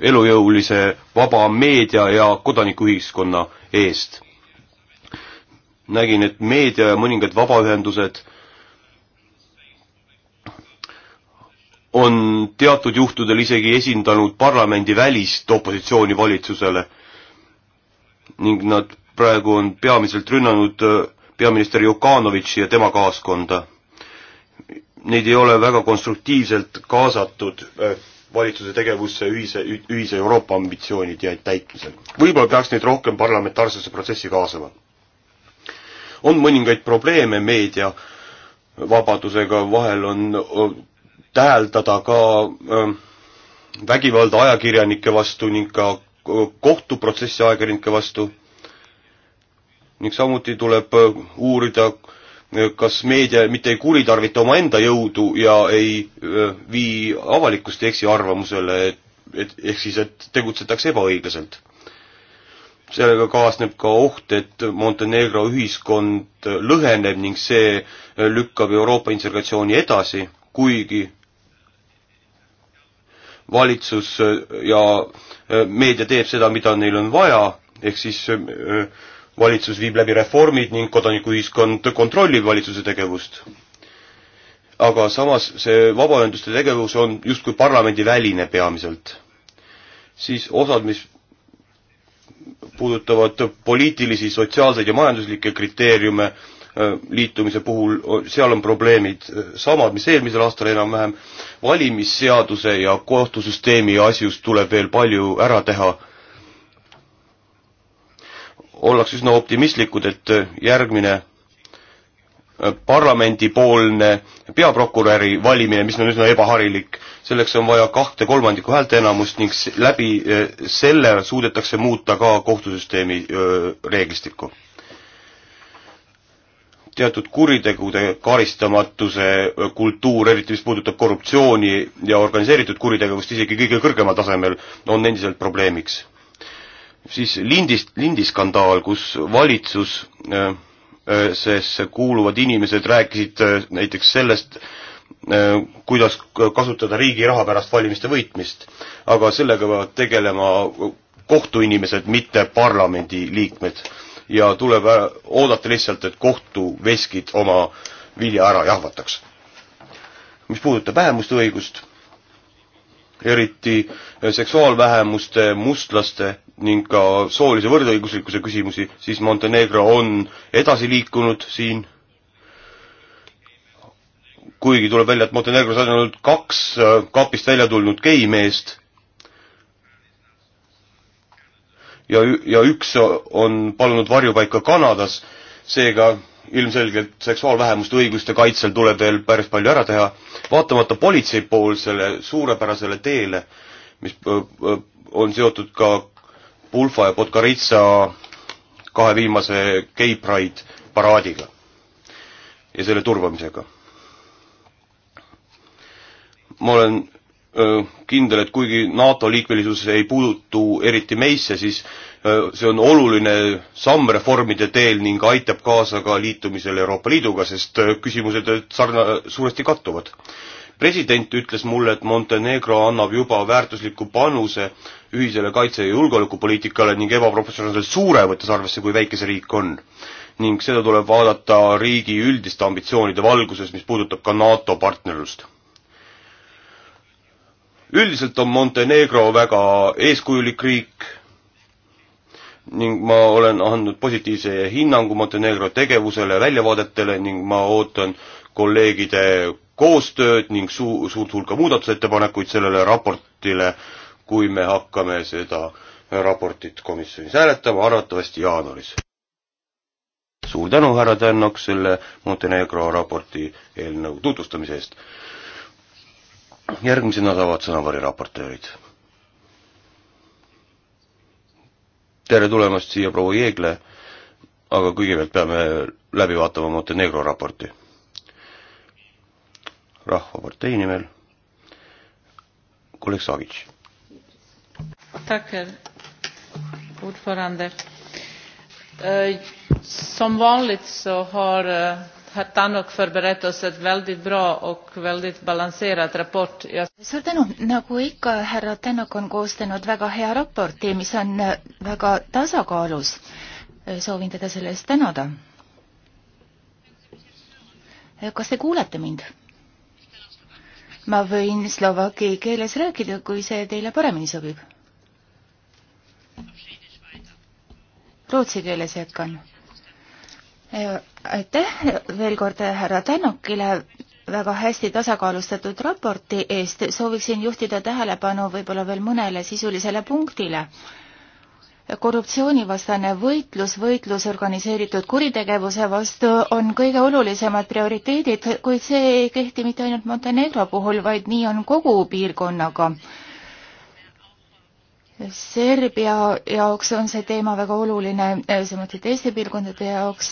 elujõulise vaba meedia ja kodanikuühiskonna eest nägin, et meedia ja mõningad vabaühendused on teatud juhtudel isegi esindanud parlamendi välist opositsiooni valitsusele ning nad praegu on peamiselt rünnanud äh, peaminister Jokanovitši ja tema kaaskonda. Neid ei ole väga konstruktiivselt kaasatud äh, valitsuse tegevusse ühise, ühise Euroopa ambitsioonide täitmisel. võib-olla peaks neid rohkem parlamentaarsesse protsessi kaasama on mõningaid probleeme meediavabadusega, vahel on täheldada ka vägivalda ajakirjanike vastu ning ka kohtuprotsessi ajakirjanike vastu. ning samuti tuleb uurida, kas meedia mitte ei kuritarvita omaenda jõudu ja ei vii avalikkust eksiarvamusele, et ehk siis, et tegutsetakse ebaõiglaselt sellega kaasneb ka oht, et Montenegro ühiskond lõheneb ning see lükkab Euroopa integratsiooni edasi, kuigi valitsus ja meedia teeb seda, mida neil on vaja, ehk siis äh, valitsus viib läbi reformid ning kodanikuühiskond kontrollib valitsuse tegevust. aga samas see vabaühenduste tegevus on justkui parlamendiväline peamiselt. siis osad, mis puudutavad poliitilisi, sotsiaalseid ja majanduslikke kriteeriume äh, liitumise puhul, seal on probleemid äh, samad, mis eelmisel aastal enam-vähem. valimisseaduse ja kohtusüsteemi asjus tuleb veel palju ära teha. ollakse üsna optimistlikud, et äh, järgmine parlamendipoolne peaprokuröri valimine, mis on üsna ebaharilik, selleks on vaja kahte kolmandikku häälteenamust ning läbi eh, selle suudetakse muuta ka kohtusüsteemi eh, reeglistikku. teatud kuritegude karistamatuse eh, kultuur, eriti mis puudutab korruptsiooni ja organiseeritud kuritegevust isegi kõige kõrgemal tasemel, on endiselt probleemiks. siis lindist, lindiskandaal, kus valitsus äh, Äh, sest kuuluvad inimesed rääkisid äh, näiteks sellest, äh, kuidas kasutada riigi raha pärast valimiste võitmist. aga sellega peavad tegelema kohtuinimesed, mitte parlamendiliikmed. ja tuleb oodata lihtsalt, et kohtuveskid oma vilja ära jahvataks. mis puudutab vähemuste õigust, eriti seksuaalvähemuste, mustlaste ning ka soolise võrdõiguslikkuse küsimusi, siis Montenegro on edasi liikunud siin. kuigi tuleb välja, et Montenegros on ainult kaks äh, kapist välja tulnud gei meest. ja, ja üks on palunud varjupaika Kanadas, seega ilmselgelt seksuaalvähemuste õiguste kaitsel tuleb veel päris palju ära teha. vaatamata politsei poolsele suurepärasele teele, mis äh, äh, on seotud ka Pulfa ja Podgoritsa kahe viimase Gay Pride paraadiga ja selle turvamisega. ma olen öö, kindel, et kuigi NATO liikmelisus ei puutu eriti meisse, siis öö, see on oluline samm reformide teel ning aitab kaasa ka liitumisele Euroopa Liiduga, sest öö, küsimused sarna-, suuresti kattuvad president ütles mulle, et Montenegro annab juba väärtusliku panuse ühisele kaitse- ja julgeolekupoliitikale ning ebaproportsionaalselt suure, võttes arvesse, kui väike see riik on. ning seda tuleb vaadata riigi üldiste ambitsioonide valguses, mis puudutab ka NATO partnerlust. üldiselt on Montenegro väga eeskujulik riik ning ma olen andnud positiivse hinnangu Montenegro tegevusele, väljavaadetele ning ma ootan kolleegide koostööd ning suu-, suurt hulka muudatusettepanekuid sellele raportile, kui me hakkame seda raportit komisjonis hääletama, arvatavasti jaanuaris. suur tänu, härra Tännok, selle Montenegro raporti eelnõu tutvustamise eest. järgmisena saavad sõna variraportöörid. tere tulemast siia, proua Jeegle, aga kõigepealt peame läbi vaatama Montenegro raporti Rahvapartei nimel kolleeg Savic. Eh, eh, som vanligt så har eh, herr Tannock förberett oss ett väldigt bra och väldigt balanserad rapport. Ja... Suur tänu! Nagu ikka, härra Tannock on koostanud väga hea raporti, mis on väga tasakaalus. Soovin teda selle eest tänada. Kas te kuulete mind? ma võin slovaki keeles rääkida, kui see teile paremini sobib. Rootsi keeles jätkan. Äh, aitäh veel kord härra Tänukile väga hästi tasakaalustatud raporti eest. sooviksin juhtida tähelepanu võib-olla veel mõnele sisulisele punktile korruptsioonivastane võitlus, võitlus organiseeritud kuritegevuse vastu on kõige olulisemad prioriteedid, kuid see ei kehti mitte ainult Montenegro puhul, vaid nii on kogu piirkonnaga. Serbia jaoks on see teema väga oluline, samuti teiste piirkondade jaoks.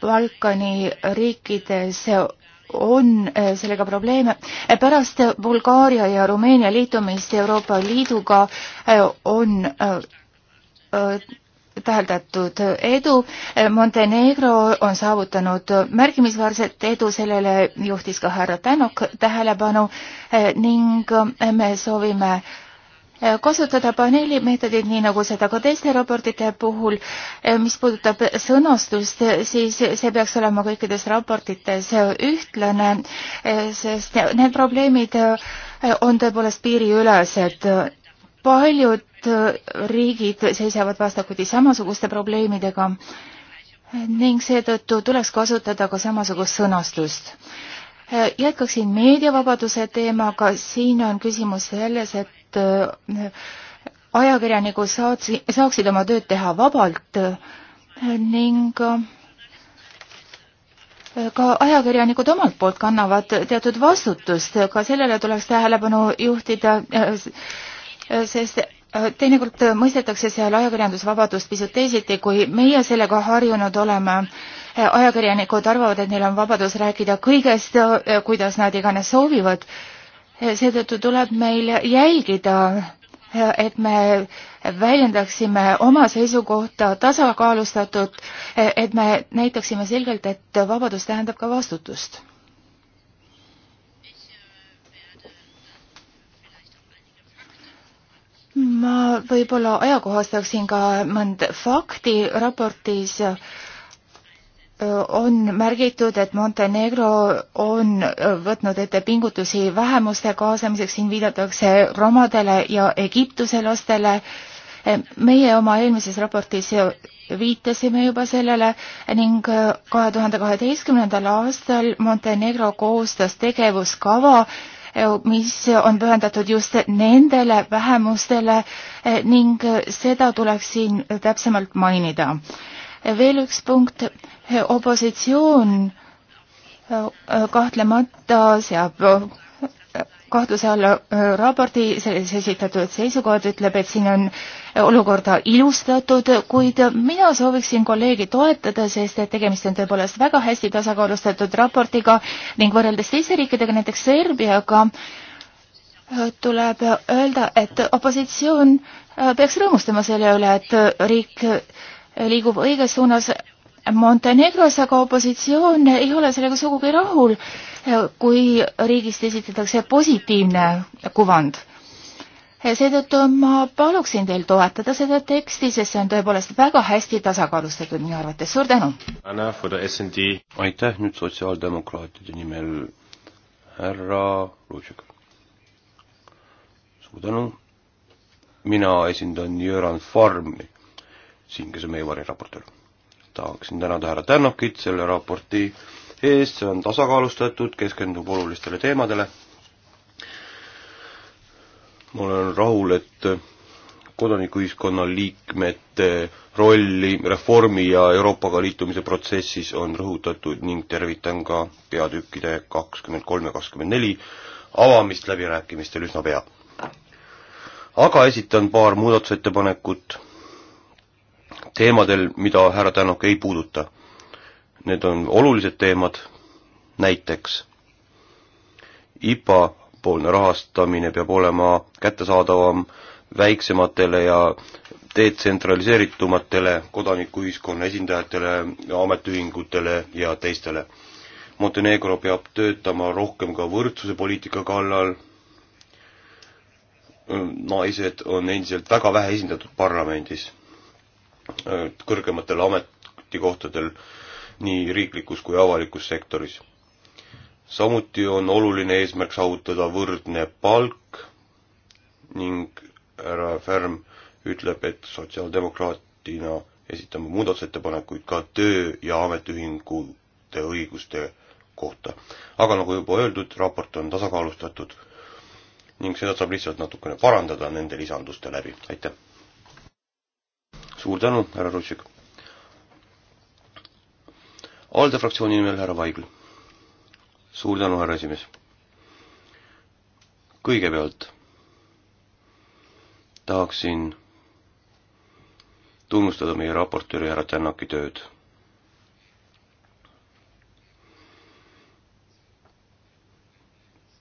Balkani riikides on sellega probleeme. pärast Bulgaaria ja Rumeenia liitumist Euroopa Liiduga on täheldatud edu. Montenegro on saavutanud märkimisväärset edu, sellele juhtis ka härra Tänok tähelepanu eh, ning eh, me soovime eh, kasutada paneeli meetodit, nii nagu seda ka teiste raportite puhul. mis puudutab sõnastust, siis see peaks olema kõikides raportites ühtlane, sest need probleemid on tõepoolest piiriülesed paljud äh, riigid seisavad vastakuti samasuguste probleemidega ning seetõttu tuleks kasutada ka samasugust sõnastust. Äh, jätkaksin meediavabaduse teemaga, siin on küsimus selles, et äh, ajakirjanikud saatsi, saaksid oma tööd teha vabalt ning ka ajakirjanikud omalt poolt kannavad teatud vastutust, ka sellele tuleks tähelepanu juhtida Äh, sest äh, teinekord äh, mõistetakse seal ajakirjandusvabadust pisut teisiti, kui meie sellega harjunud oleme. ajakirjanikud arvavad, et neil on vabadus rääkida kõigest, kuidas nad iganes soovivad. seetõttu tuleb meil jälgida, et me väljendaksime oma seisukohta tasakaalustatult, et me näitaksime selgelt, et vabadus tähendab ka vastutust ma võib-olla ajakohastaksin ka mõnd fakti raportis äh, on märgitud, et Montenegro on äh, võtnud ette pingutusi vähemuste kaasamiseks, siin viidatakse romadele ja Egiptuse lastele. Äh, meie oma eelmises raportis viitasime juba sellele ning kahe tuhande kaheteistkümnendal aastal Montenegro koostas tegevuskava, Eh, mis on pühendatud just nendele vähemustele eh, ning eh, seda tuleks siin täpsemalt mainida. veel üks punkt, opositsioon kahtlemata seab kahtluse alla raporti, selles esitatud seisukohad ütleb, et siin on olukorda ilustatud, kuid mina sooviksin kolleegi toetada, sest et tegemist on tõepoolest väga hästi tasakaalustatud raportiga ning võrreldes teiste riikidega, näiteks Serbiaga, tuleb öelda, et opositsioon peaks rõõmustama selle üle, et riik liigub õiges suunas. Montenegros aga opositsioon ei ole sellega sugugi rahul kui riigist esitatakse positiivne kuvand. seetõttu ma paluksin teil toetada seda teksti, sest see on tõepoolest väga hästi tasakaalustatud minu arvates, suur tänu! aitäh nüüd sotsiaaldemokraatide nimel, härra Lutsik. suur tänu, mina esindan Jüran Farmi, siin, kes on meie variraportöör. tahaksin tänada härra Tännokit selle raporti ees, see on tasakaalustatud, keskendub olulistele teemadele. ma olen rahul, et kodanikuühiskonna liikmete rolli reformi ja Euroopaga liitumise protsessis on rõhutatud ning tervitan ka peatükkide kakskümmend kolm ja kakskümmend neli avamist läbirääkimistel üsna pea. aga esitan paar muudatusettepanekut teemadel, mida härra Tänok ei puuduta need on olulised teemad, näiteks IPA poolne rahastamine peab olema kättesaadavam väiksematele ja detsentraliseeritumatele kodanikuühiskonna esindajatele, ametiühingutele ja teistele. Montenegro peab töötama rohkem ka võrdsuse poliitika kallal, naised on endiselt väga vähe esindatud parlamendis, kõrgematel ametikohtadel äh, nii riiklikus kui avalikus sektoris. samuti on oluline eesmärk saavutada võrdne palk ning härra Färm ütleb, et sotsiaaldemokraatina esitame muudatusettepanekuid ka töö- ja ametiühingute õiguste kohta. aga nagu juba öeldud, raport on tasakaalustatud ning seda saab lihtsalt natukene parandada nende lisanduste läbi, aitäh! suur tänu, härra Rutsik! ALDE fraktsiooni nimel härra Vaigel. suur tänu, härra esimees. kõigepealt tahaksin tunnustada meie raportööri härra Tänaki tööd.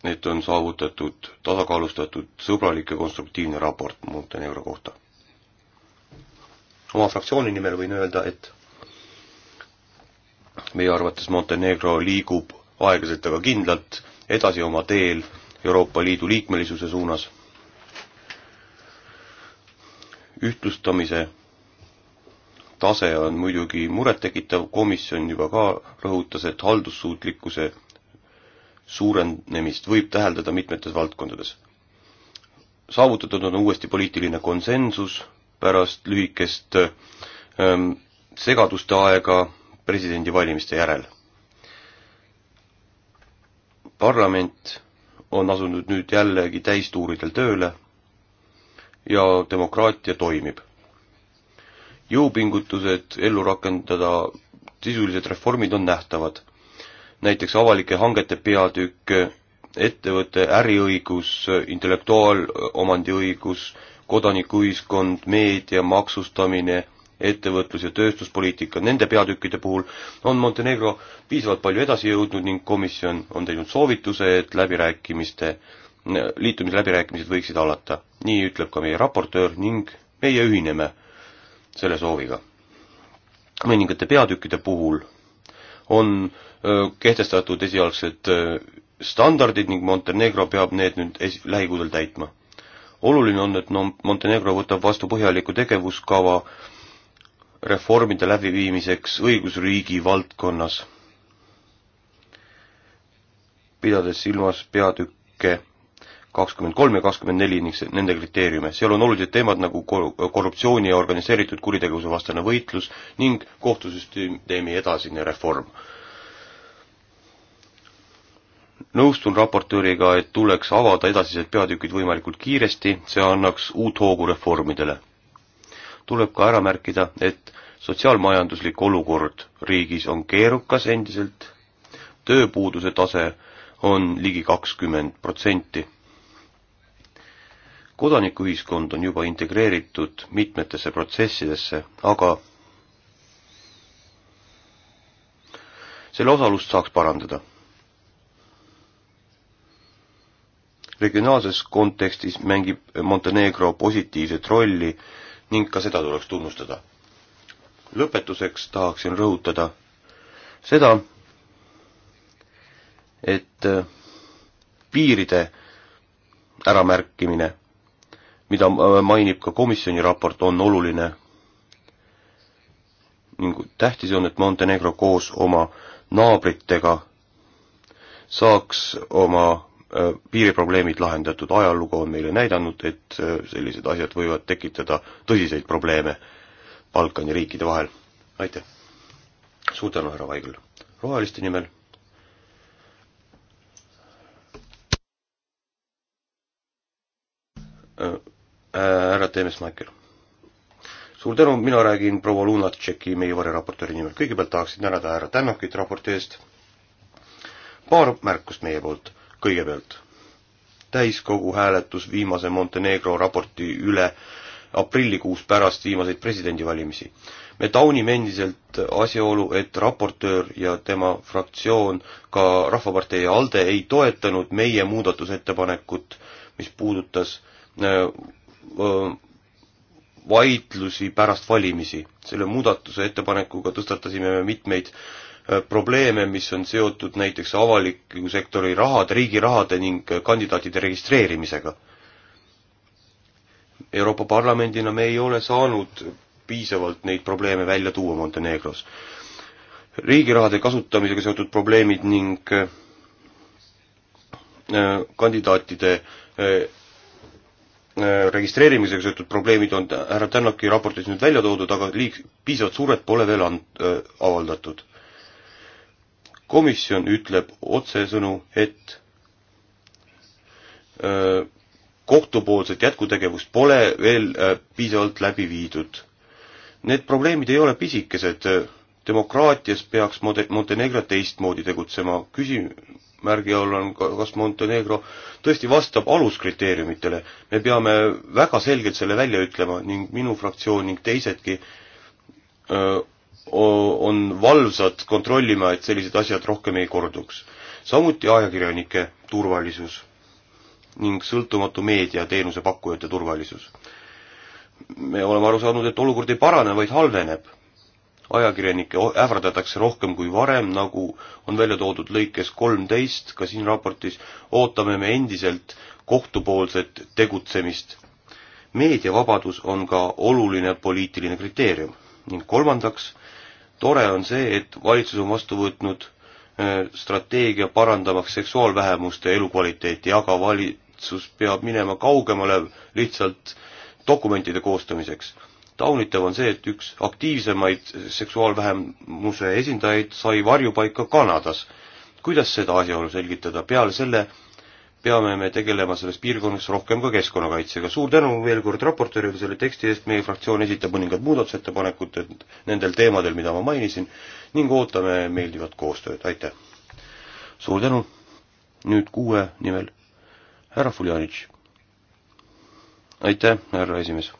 et on saavutatud tasakaalustatud sõbralik ja konstruktiivne raport Montenegro kohta. oma fraktsiooni nimel võin öelda, et meie arvates Montenegro liigub aeglaselt, aga kindlalt edasi oma teel Euroopa Liidu liikmelisuse suunas. ühtlustamise tase on muidugi murettekitav, komisjon juba ka rõhutas, et haldussuutlikkuse suurenemist võib täheldada mitmetes valdkondades. saavutatud on uuesti poliitiline konsensus pärast lühikest ähm, segaduste aega presidendivalimiste järel. parlament on asunud nüüd jällegi täistuuridel tööle ja demokraatia toimib. jõupingutused ellu rakendada sisulised reformid on nähtavad. näiteks avalike hangete peatükk, ettevõtte äriõigus, intellektuaalomandiõigus, kodanikuühiskond, meedia maksustamine ettevõtlus- ja tööstuspoliitika, nende peatükkide puhul on Montenegro piisavalt palju edasi jõudnud ning komisjon on teinud soovituse, et läbirääkimiste, liitumisläbirääkimised võiksid alata. nii ütleb ka meie raportöör ning meie ühineme selle sooviga. mõningate peatükkide puhul on kehtestatud esialgsed standardid ning Montenegro peab need nüüd es-, lähikuudel täitma. oluline on, et no Montenegro võtab vastu põhjaliku tegevuskava reformide läbiviimiseks õigusriigi valdkonnas, pidades silmas peatükke kakskümmend kolm ja kakskümmend neli ning nende kriteeriume. seal on olulised teemad nagu kor-, korruptsiooni ja organiseeritud kuritegevuse vastane võitlus ning kohtusüsteemi edasine reform. nõustun raportööriga, et tuleks avada edasised peatükid võimalikult kiiresti, see annaks uut hoogu reformidele tuleb ka ära märkida, et sotsiaalmajanduslik olukord riigis on keerukas endiselt, tööpuuduse tase on ligi kakskümmend protsenti. kodanikuühiskond on juba integreeritud mitmetesse protsessidesse, aga selle osalust saaks parandada. regionaalses kontekstis mängib Montenegro positiivset rolli äh, ning ka seda tuleks tunnustada. lõpetuseks tahaksin rõhutada seda, et äh, piiride äramärkimine, mida äh, mainib ka komisjoni raport, on oluline ning tähtis on, et Montenegro koos oma naabritega saaks oma Äh, piiriprobleemid lahendatud, ajalugu on meile näidanud, et äh, sellised asjad võivad tekitada tõsiseid probleeme Balkani riikide vahel. aitäh! suur tänu, härra Vaigel! roheliste nimel äh, härra Teemesmaeker. suur tänu, mina räägin proua Lunatšeki, meie variraportööri nimel. kõigepealt tahaksin tänada härra Tännokit raporti eest. paar märkust meie poolt kõigepealt täiskogu hääletus viimase Montenegro raporti üle aprillikuus pärast viimaseid presidendivalimisi. me taunime endiselt asjaolu, et raportöör ja tema fraktsioon, ka Rahvapartei ja ALDE ei toetanud meie muudatusettepanekut, mis puudutas äh, äh, vaidlusi pärast valimisi. selle muudatuse ettepanekuga tõstatasime me mitmeid äh, Äh, probleeme, mis on seotud näiteks avaliku sektori rahade, riigi rahade ning äh, kandidaatide registreerimisega. Euroopa Parlamendina me ei ole saanud piisavalt neid probleeme välja tuua Montenegros. riigirahade kasutamisega seotud probleemid ning äh, kandidaatide registreerimisega seotud probleemid on härra Tänaki raportis nüüd välja toodud, aga liig-, piisavalt suured pole veel and-, avaldatud komisjon ütleb otsesõnu, et kohtupoolset jätkutegevust pole veel piisavalt läbi viidud. Need probleemid ei ole pisikesed, demokraatias peaks Monte-, Montenegro teistmoodi tegutsema, küsimärgi all on ka, kas Montenegro tõesti vastab aluskriteeriumitele. me peame väga selgelt selle välja ütlema ning minu fraktsioon ning teisedki öö, on valvsad kontrollima, et sellised asjad rohkem ei korduks. samuti ajakirjanike turvalisus ning sõltumatu meedia teenusepakkujate turvalisus. me oleme aru saanud, et olukord ei parane, vaid halveneb. ajakirjanikke ähvardatakse rohkem kui varem, nagu on välja toodud lõikes kolmteist, ka siin raportis ootame me endiselt kohtupoolset tegutsemist. meediavabadus on ka oluline poliitiline kriteerium ning kolmandaks tore on see, et valitsus on vastu võtnud äh, strateegia parandamaks seksuaalvähemuste elukvaliteeti, aga valitsus peab minema kaugemale lihtsalt dokumentide koostamiseks. taunitav on see, et üks aktiivsemaid seksuaalvähemuse esindajaid sai varjupaika Kanadas. kuidas seda asjaolu selgitada, peale selle peame me tegelema selles piirkonnas rohkem ka keskkonnakaitsega. suur tänu veel kord raportöörile selle teksti eest, meie fraktsioon esitab mõningad muudatusettepanekud nendel teemadel, mida ma mainisin ning ootame meeldivat koostööd, aitäh! suur tänu, nüüd kuue nimel härra Fuljanitš. aitäh, härra esimees!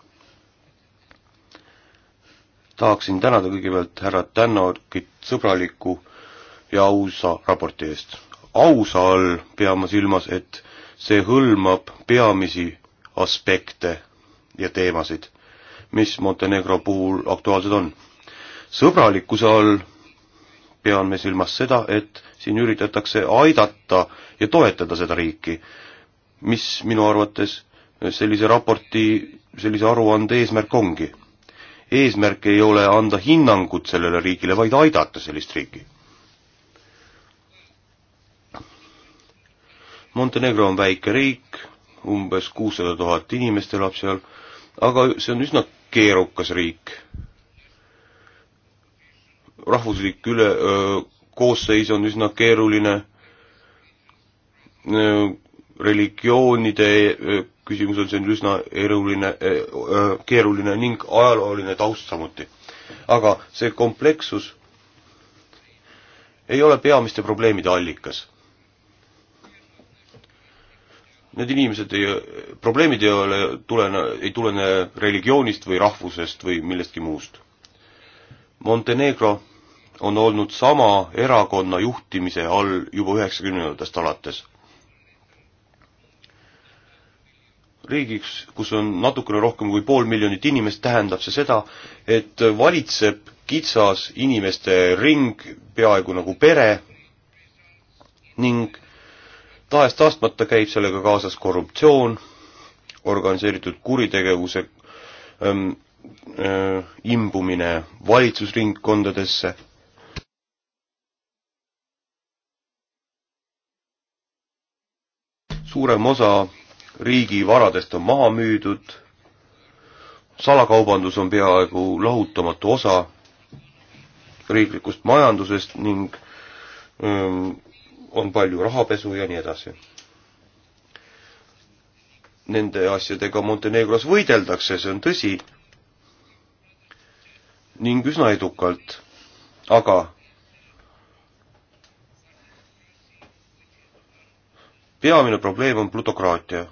tahaksin tänada kõigepealt härra Tännokit sõbraliku ja ausa raporti eest ausa all pean ma silmas, et see hõlmab peamisi aspekte ja teemasid, mis Montenegro puhul aktuaalsed on. sõbralikkuse all pean me silmas seda, et siin üritatakse aidata ja toetada seda riiki, mis minu arvates sellise raporti, sellise aruande eesmärk ongi. eesmärk ei ole anda hinnangut sellele riigile, vaid aidata sellist riiki Montenegro on väike riik, umbes kuussada tuhat inimest elab seal, aga see on üsna keerukas riik. rahvuslik üle, koosseis on üsna keeruline, religioonide küsimus on siin üsna eruline, keeruline ning ajalooline taust samuti. aga see komplekssus ei ole peamiste probleemide allikas Need inimesed ei, probleemid ei ole, tulene, ei tulene religioonist või rahvusest või millestki muust. Montenegro on olnud sama erakonna juhtimise all juba üheksakümnendatest alates. riigiks, kus on natukene rohkem kui pool miljonit inimest, tähendab see seda, et valitseb kitsas inimeste ring, peaaegu nagu pere, ning tahes-tahtmata käib sellega kaasas korruptsioon, organiseeritud kuritegevuse ähm, äh, imbumine valitsusringkondadesse, suurem osa riigi varadest on maha müüdud, salakaubandus on peaaegu lahutamatu osa riiklikust majandusest ning öö, ähm, on palju rahapesu ja nii edasi. Nende asjadega Montenegros võideldakse, see on tõsi, ning üsna edukalt, aga peamine probleem on plutokraatia,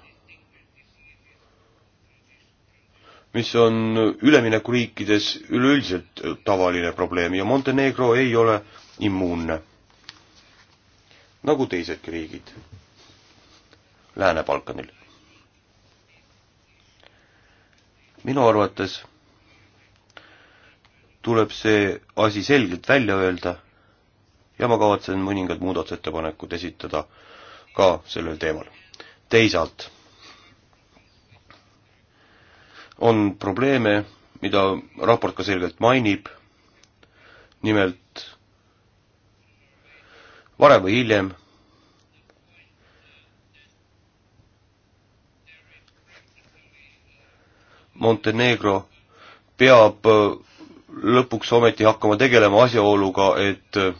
mis on üleminekuriikides üleüldiselt tavaline probleem ja Montenegro ei ole immuunne nagu teisedki riigid Lääne-Balkanil. minu arvates tuleb see asi selgelt välja öelda ja ma kavatsen mõningad muudatusettepanekud esitada ka sellel teemal. teisalt on probleeme, mida raport ka selgelt mainib, nimelt varem või hiljem Montenegro peab äh, lõpuks ometi hakkama tegelema asjaoluga, et äh,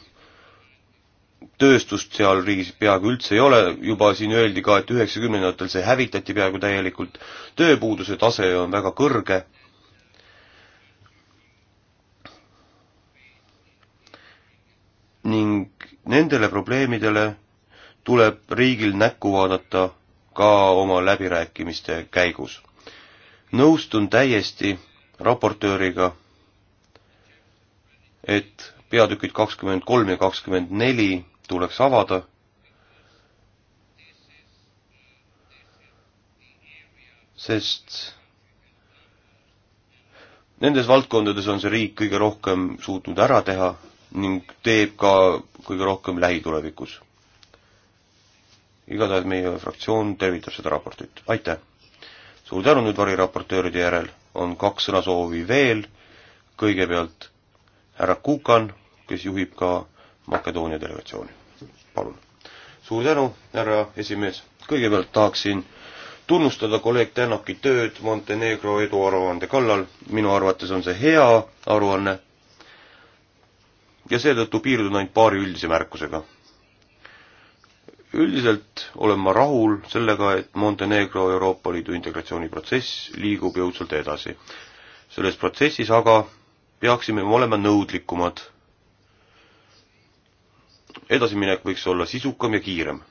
tööstust seal riigis peaaegu üldse ei ole, juba siin öeldi ka, et üheksakümnendatel see hävitati peaaegu täielikult, tööpuuduse tase on väga kõrge Nendele probleemidele tuleb riigil näkku vaadata ka oma läbirääkimiste käigus. nõustun täiesti raportööriga, et peatükid kakskümmend kolm ja kakskümmend neli tuleks avada. sest nendes valdkondades on see riik kõige rohkem suutnud ära teha ning teeb ka kõige rohkem lähitulevikus. igatahes meie fraktsioon tervitab seda raportit, aitäh! suur tänu nüüd variraportööride järel, on kaks sõnasoovi veel, kõigepealt härra Kukan, kes juhib ka Makedoonia delegatsiooni, palun! suur tänu, härra esimees, kõigepealt tahaksin tunnustada kolleeg Tänaki tööd Montenegro eduaruande kallal, minu arvates on see hea aruanne ja seetõttu piirdun ainult paari üldise märkusega. üldiselt olen ma rahul sellega, et Montenegro Euroopa Liidu integratsiooniprotsess liigub jõudsalt edasi. selles protsessis aga peaksime me olema nõudlikumad. edasiminek võiks olla sisukam ja kiirem.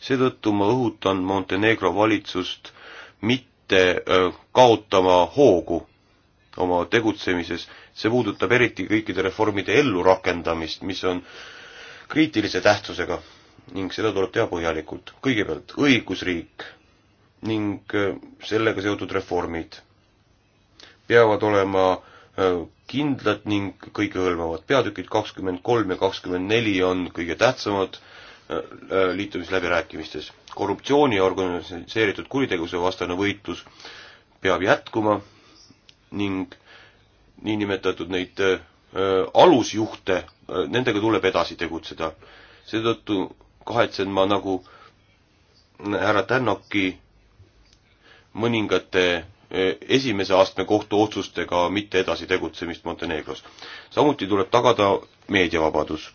seetõttu ma õhutan Montenegro valitsust mitte äh, kaotama hoogu oma tegutsemises, see puudutab eriti kõikide reformide ellurakendamist, mis on kriitilise tähtsusega ning seda tuleb teha põhjalikult. kõigepealt õigusriik ning äh, sellega seotud reformid peavad olema äh, kindlad ning kõigehõlmavad. peatükid kakskümmend kolm ja kakskümmend neli on kõige tähtsamad äh, liitumisläbirääkimistes. korruptsiooni ja organiseeritud kuritegevuse vastane võitlus peab jätkuma ning niinimetatud neid äh, alusjuhte, äh, nendega tuleb edasi tegutseda. seetõttu kahetsen ma nagu härra Tännoki mõningate äh, esimese astme kohtu otsustega mitte edasi tegutsemist Montenegros. samuti tuleb tagada meediavabadus.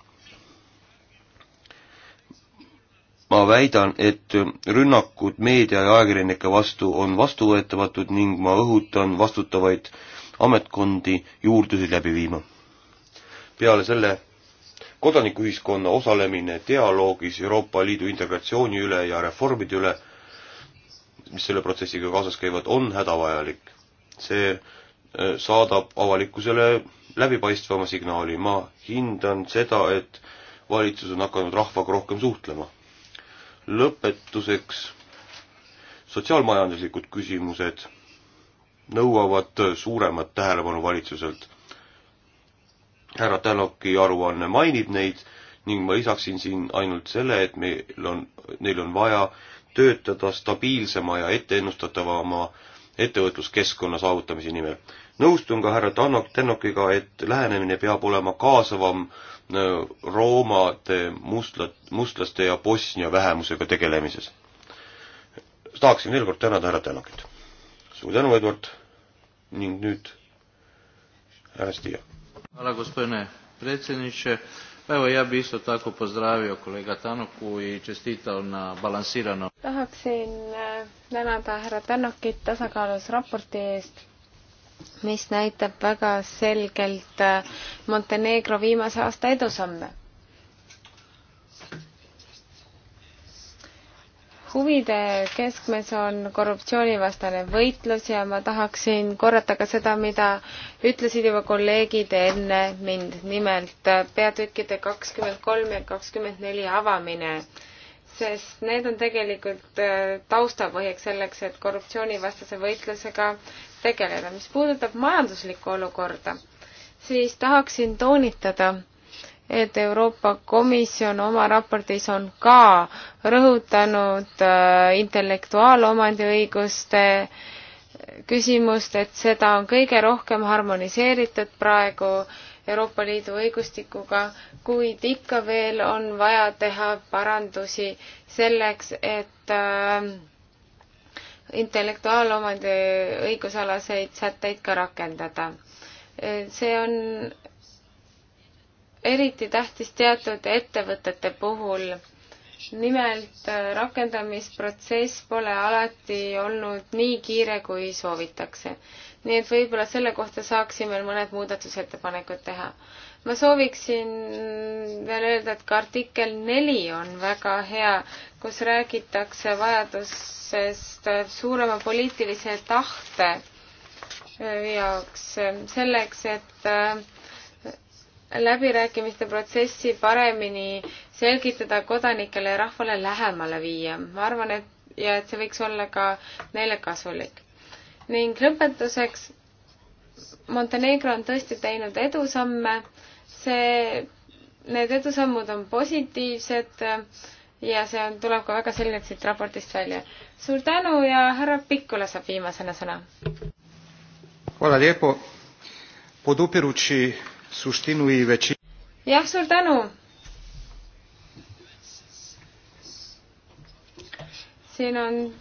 ma väidan, et rünnakud meedia ja ajakirjanike vastu on vastuvõetamatud ning ma õhutan vastutavaid ametkondi juurdusi läbi viima. peale selle kodanikuühiskonna osalemine dialoogis Euroopa Liidu integratsiooni üle ja reformide üle, mis selle protsessiga kaasas käivad, on hädavajalik. see äh, saadab avalikkusele läbipaistvama signaali, ma hindan seda, et valitsus on hakanud rahvaga rohkem suhtlema lõpetuseks sotsiaalmajanduslikud küsimused nõuavad suuremat tähelepanu valitsuselt. härra Tänoki aruanne mainib neid ning ma lisaksin siin ainult selle, et meil on, neil on vaja töötada stabiilsema ja etteennustatavama ettevõtluskeskkonna saavutamise nimel nõustun ka härra Tannok, Tennokiga, et lähenemine peab olema kaasavam äh, roomade, mustlat-, mustlaste ja Bosnia vähemusega tegelemises. tahaksin veel kord tänada härra Tennokit. suur tänu, Eduard, ning nüüd härra Stier. Hvala gospodine predsjedniče. Evo ja bi isto tako pozdravio kolega Tanoku i čestitao na balansirano. Tahaksin eh, tänada härra Tanokit tasakaalus raporti eest mis näitab väga selgelt äh, Montenegro viimase aasta edusamme. huvide keskmes on korruptsioonivastane võitlus ja ma tahaksin korrata ka seda, mida ütlesid juba kolleegid enne mind, nimelt äh, peatükkide kakskümmend kolm ja kakskümmend neli avamine sest need on tegelikult äh, taustapõhjaks selleks, et korruptsioonivastase võitlusega tegeleda. mis puudutab majanduslikku olukorda, siis tahaksin toonitada, et Euroopa Komisjon oma raportis on ka rõhutanud äh, intellektuaalomandi õiguste küsimust, et seda on kõige rohkem harmoniseeritud praegu Euroopa Liidu õigustikuga, kuid ikka veel on vaja teha parandusi selleks, et äh, intellektuaalomandi õigusalaseid sätteid ka rakendada. see on eriti tähtis teatud ettevõtete puhul. nimelt rakendamisprotsess pole alati olnud nii kiire, kui soovitakse. nii et võib-olla selle kohta saaksime mõned muudatusettepanekud teha ma sooviksin veel öelda, et ka artikkel neli on väga hea, kus räägitakse vajadusest suurema poliitilise tahte jaoks selleks, et äh, läbirääkimiste protsessi paremini selgitada kodanikele ja rahvale lähemale viia. ma arvan, et ja et see võiks olla ka neile kasulik. ning lõpetuseks, Montenegro on tõesti teinud edusamme see, need edusammud on positiivsed ja see on, tuleb ka väga selgelt siit raportist välja. suur tänu ja härra Pikula saab viimasena sõna. jah, suur tänu. siin on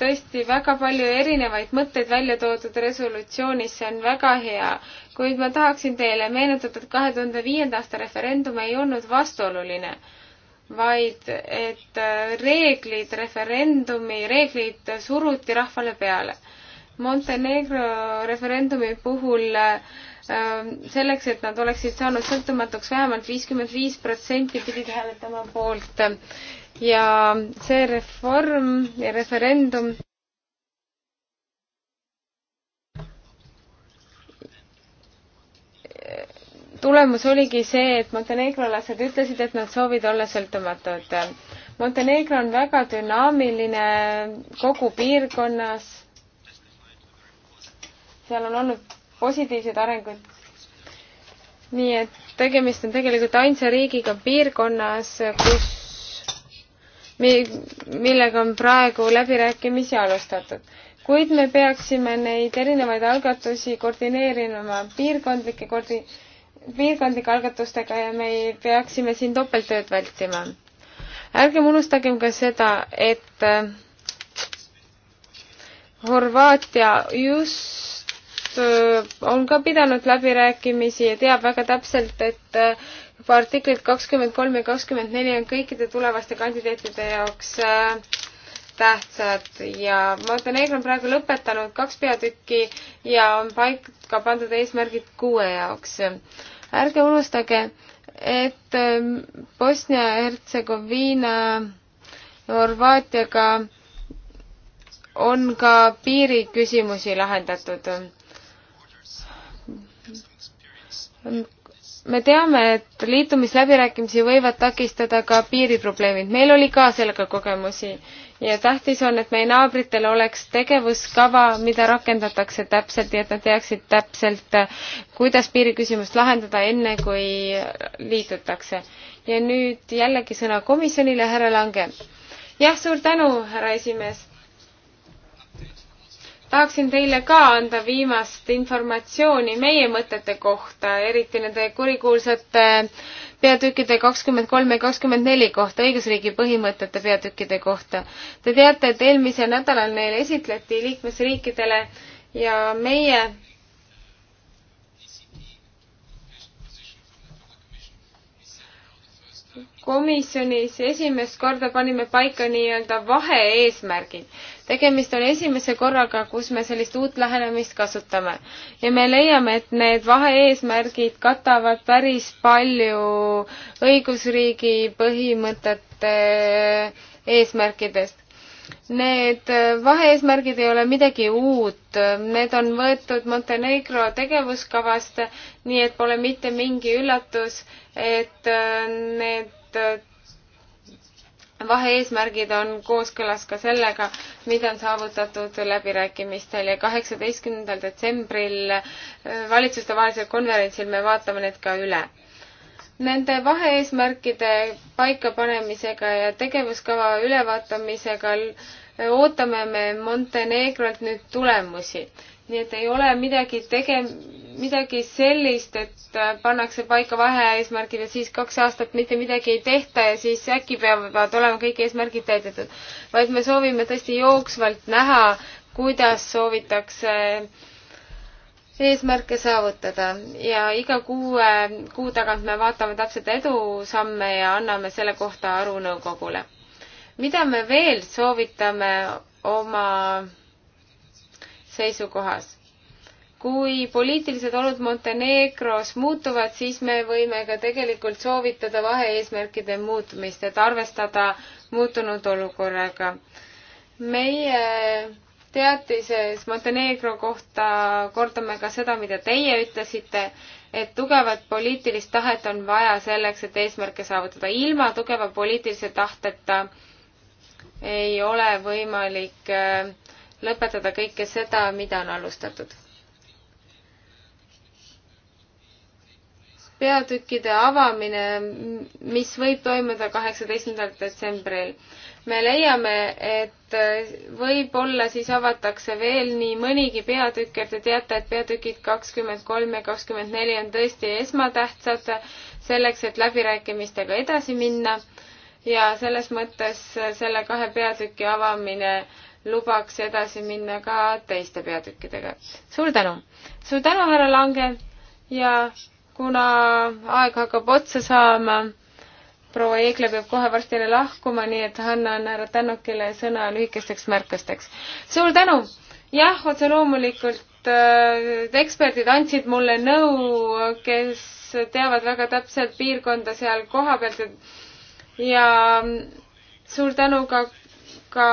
tõesti väga palju erinevaid mõtteid välja toodud resolutsioonis, see on väga hea. kuid ma tahaksin teile meenutada, et kahe tuhande viienda aasta referendum ei olnud vastuoluline, vaid et äh, reeglid, referendumi reeglid suruti rahvale peale. Montenegro referendumi puhul äh, selleks, et nad oleksid saanud sõltumatuks vähemalt viiskümmend viis protsenti, pidid hääletama poolt ja see reform ja referendum tulemus oligi see, et montenegrolased ütlesid, et nad soovid olla sõltumatud. Montenegro on väga dünaamiline kogu piirkonnas. seal on olnud positiivseid arenguid. nii et tegemist on tegelikult ainsa riigiga piirkonnas, kus millega on praegu läbirääkimisi alustatud. kuid me peaksime neid erinevaid algatusi koordineerima piirkondlike koordi-, piirkondlike algatustega ja me ei peaksime siin topelttööd vältima. ärgem unustagem ka seda, et äh, Horvaatia just äh, on ka pidanud läbirääkimisi ja teab väga täpselt, et äh, artiklid kakskümmend kolm ja kakskümmend neli on kõikide tulevaste kandidaatide jaoks äh, tähtsad ja Montenegro on praegu lõpetanud kaks peatükki ja on paika pandud eesmärgid kuue jaoks. ärge unustage, et ähm, Bosnia-Hertsegoviina Horvaatiaga on ka piiriküsimusi lahendatud me teame, et liitumisläbirääkimisi võivad takistada ka piiriprobleemid. meil oli ka sellega kogemusi ja tähtis on, et meie naabritel oleks tegevuskava, mida rakendatakse täpselt ja et nad teaksid täpselt, kuidas piiriküsimust lahendada, enne kui liidutakse. ja nüüd jällegi sõna komisjonile, härra Lange. jah, suur tänu, härra esimees tahaksin teile ka anda viimast informatsiooni meie mõtete kohta, eriti nende kurikuulsate peatükkide kakskümmend kolm ja kakskümmend neli kohta, õigusriigi põhimõtete peatükkide kohta. Te teate, et eelmisel nädalal neil esitleti liikmesriikidele ja meie komisjonis esimest korda panime paika nii-öelda vahe-eesmärgid. tegemist on esimese korraga, kus me sellist uut lähenemist kasutame ja me leiame, et need vahe-eesmärgid katavad päris palju õigusriigi põhimõtete eesmärkidest. Need vahe-eesmärgid ei ole midagi uut, need on võetud Montenegro tegevuskavast, nii et pole mitte mingi üllatus, et need et äh, vahe-eesmärgid on kooskõlas ka sellega, mida on saavutatud läbirääkimistel ja kaheksateistkümnendal detsembril äh, valitsustevahelisel konverentsil me vaatame need ka üle nende vahe-eesmärkide paikapanemisega ja tegevuskava ülevaatamisega äh, ootame me Montenegrolt nüüd tulemusi nii et ei ole midagi tege-, midagi sellist, et äh, pannakse paika vaheeesmärgid ja siis kaks aastat mitte midagi ei tehta ja siis äkki peavad olema kõik eesmärgid täidetud. vaid me soovime tõesti jooksvalt näha, kuidas soovitakse eesmärke saavutada ja iga kuue kuu tagant me vaatame täpselt edusamme ja anname selle kohta aru nõukogule. mida me veel soovitame oma seisukohas. kui poliitilised olud Montenegros muutuvad, siis me võime ka tegelikult soovitada vahe-eesmärkide muutumist, et arvestada muutunud olukorraga. meie teatises Montenegro kohta kordame ka seda, mida teie ütlesite, et tugevat poliitilist tahet on vaja selleks, et eesmärke saavutada. ilma tugeva poliitilise tahteta ei ole võimalik äh, lõpetada kõike seda, mida on alustatud. peatükkide avamine, mis võib toimuda kaheksateistkümnendal detsembril. me leiame, et võib-olla siis avatakse veel nii mõnigi peatükk, et te teate, et peatükid kakskümmend kolm ja kakskümmend neli on tõesti esmatähtsad selleks, et läbirääkimistega edasi minna ja selles mõttes selle kahe peatüki avamine äh, lubaks edasi minna ka teiste peatükkidega. suur tänu! suur tänu, härra Lange ja kuna aeg hakkab otsa saama, proua Eegla peab kohe varsti jälle lahkuma, nii et annan härra Tänokile sõna lühikesteks märkusteks. suur tänu! jah, otse loomulikult äh, eksperdid andsid mulle nõu, kes teavad väga täpselt piirkonda seal kohapealt ja, ja suur tänu ka ka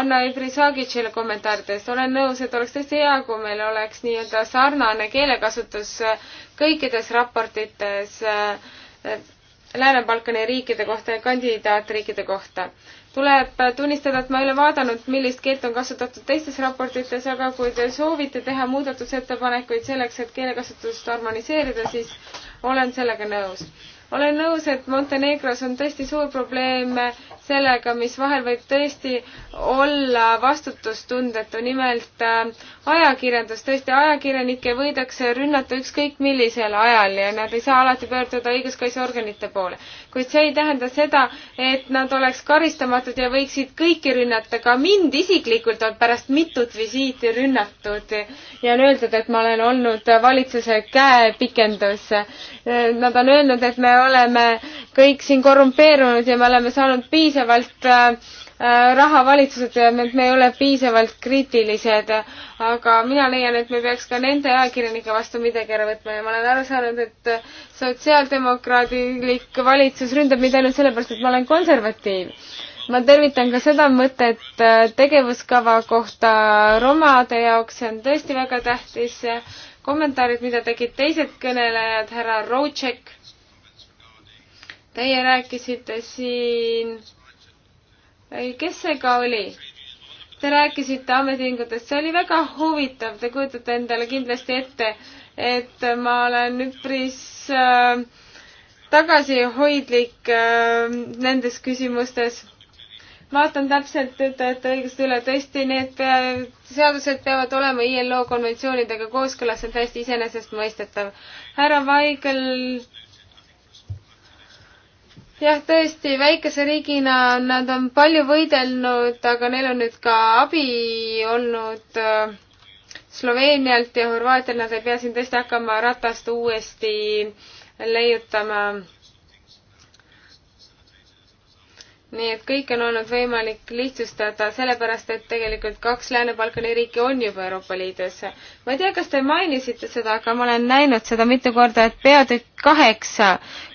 Anna-Evri Saagitšile kommentaaridest. olen nõus, et oleks tõesti hea, kui meil oleks nii-öelda sarnane keelekasutus kõikides raportites eh, Lääne-Balkani riikide kohta ja kandidaatriikide kohta. tuleb tunnistada, et ma ei ole vaadanud, millist keelt on kasutatud teistes raportites, aga kui te soovite teha muudatusettepanekuid selleks, et keelekasutust harmoniseerida, siis olen sellega nõus olen nõus, et Montenegros on tõesti suur probleem sellega, mis vahel võib tõesti olla vastutustundetu, nimelt äh, ajakirjandus, tõesti ajakirjanikke võidakse rünnata ükskõik millisel ajal ja nad ei saa alati pöörduda õiguskaitseorganite poole kuid see ei tähenda seda, et nad oleks karistamatud ja võiksid kõiki rünnata. ka mind isiklikult on pärast mitut visiiti rünnatud ja on öeldud, et ma olen olnud valitsuse käepikendus. Nad on öelnud, et me oleme kõik siin korrumpeerunud ja me oleme saanud piisavalt äh, Äh, rahavalitsused, et me ei ole piisavalt kriitilised, aga mina leian, et me peaks ka nende ajakirjanike vastu midagi ära võtma ja ma olen aru saanud, et sotsiaaldemokraadilik valitsus ründab mind ainult sellepärast, et ma olen konservatiiv. ma tervitan ka seda mõtet äh, tegevuskava kohta romade jaoks, see on tõesti väga tähtis. kommentaarid, mida tegid teised kõnelejad, härra Rootšek, teie rääkisite siin kes see ka oli? Te rääkisite ametiühingutest, see oli väga huvitav, te kujutate endale kindlasti ette, et ma olen üpris äh, tagasihoidlik äh, nendes küsimustes vaatan täpselt töötajate õiguste üle, tõesti, need seadused peavad olema ILO konventsioonidega kooskõlas, see on täiesti iseenesestmõistetav. härra Vaigel jah, tõesti, väikese riigina nad on palju võidelnud, aga neil on nüüd ka abi olnud äh, Sloveenialt ja Horvaatial, nad ei pea siin tõesti hakkama ratast uuesti leiutama nii et kõike on olnud võimalik lihtsustada, sellepärast et tegelikult kaks Lääne-Balkani riiki on juba Euroopa Liidus. ma ei tea, kas te mainisite seda, aga ma olen näinud seda mitu korda, et peatükk kaheksa,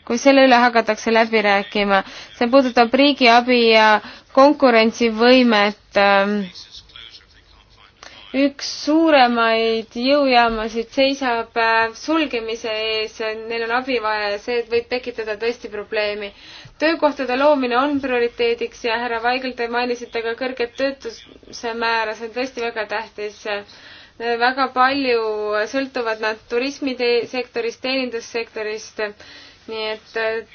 kui selle üle hakatakse läbi rääkima, see puudutab riigiabi ja konkurentsivõimet. Ähm, üks suuremaid jõujaamasid seisab äh, sulgemise ees, neil on abi vaja ja see võib tekitada tõesti probleemi töökohtade loomine on prioriteediks ja härra Vaigel, te mainisite ka kõrget töötuse määra, see on tõesti väga tähtis. väga palju sõltuvad nad turismisektorist, teenindussektorist, nii et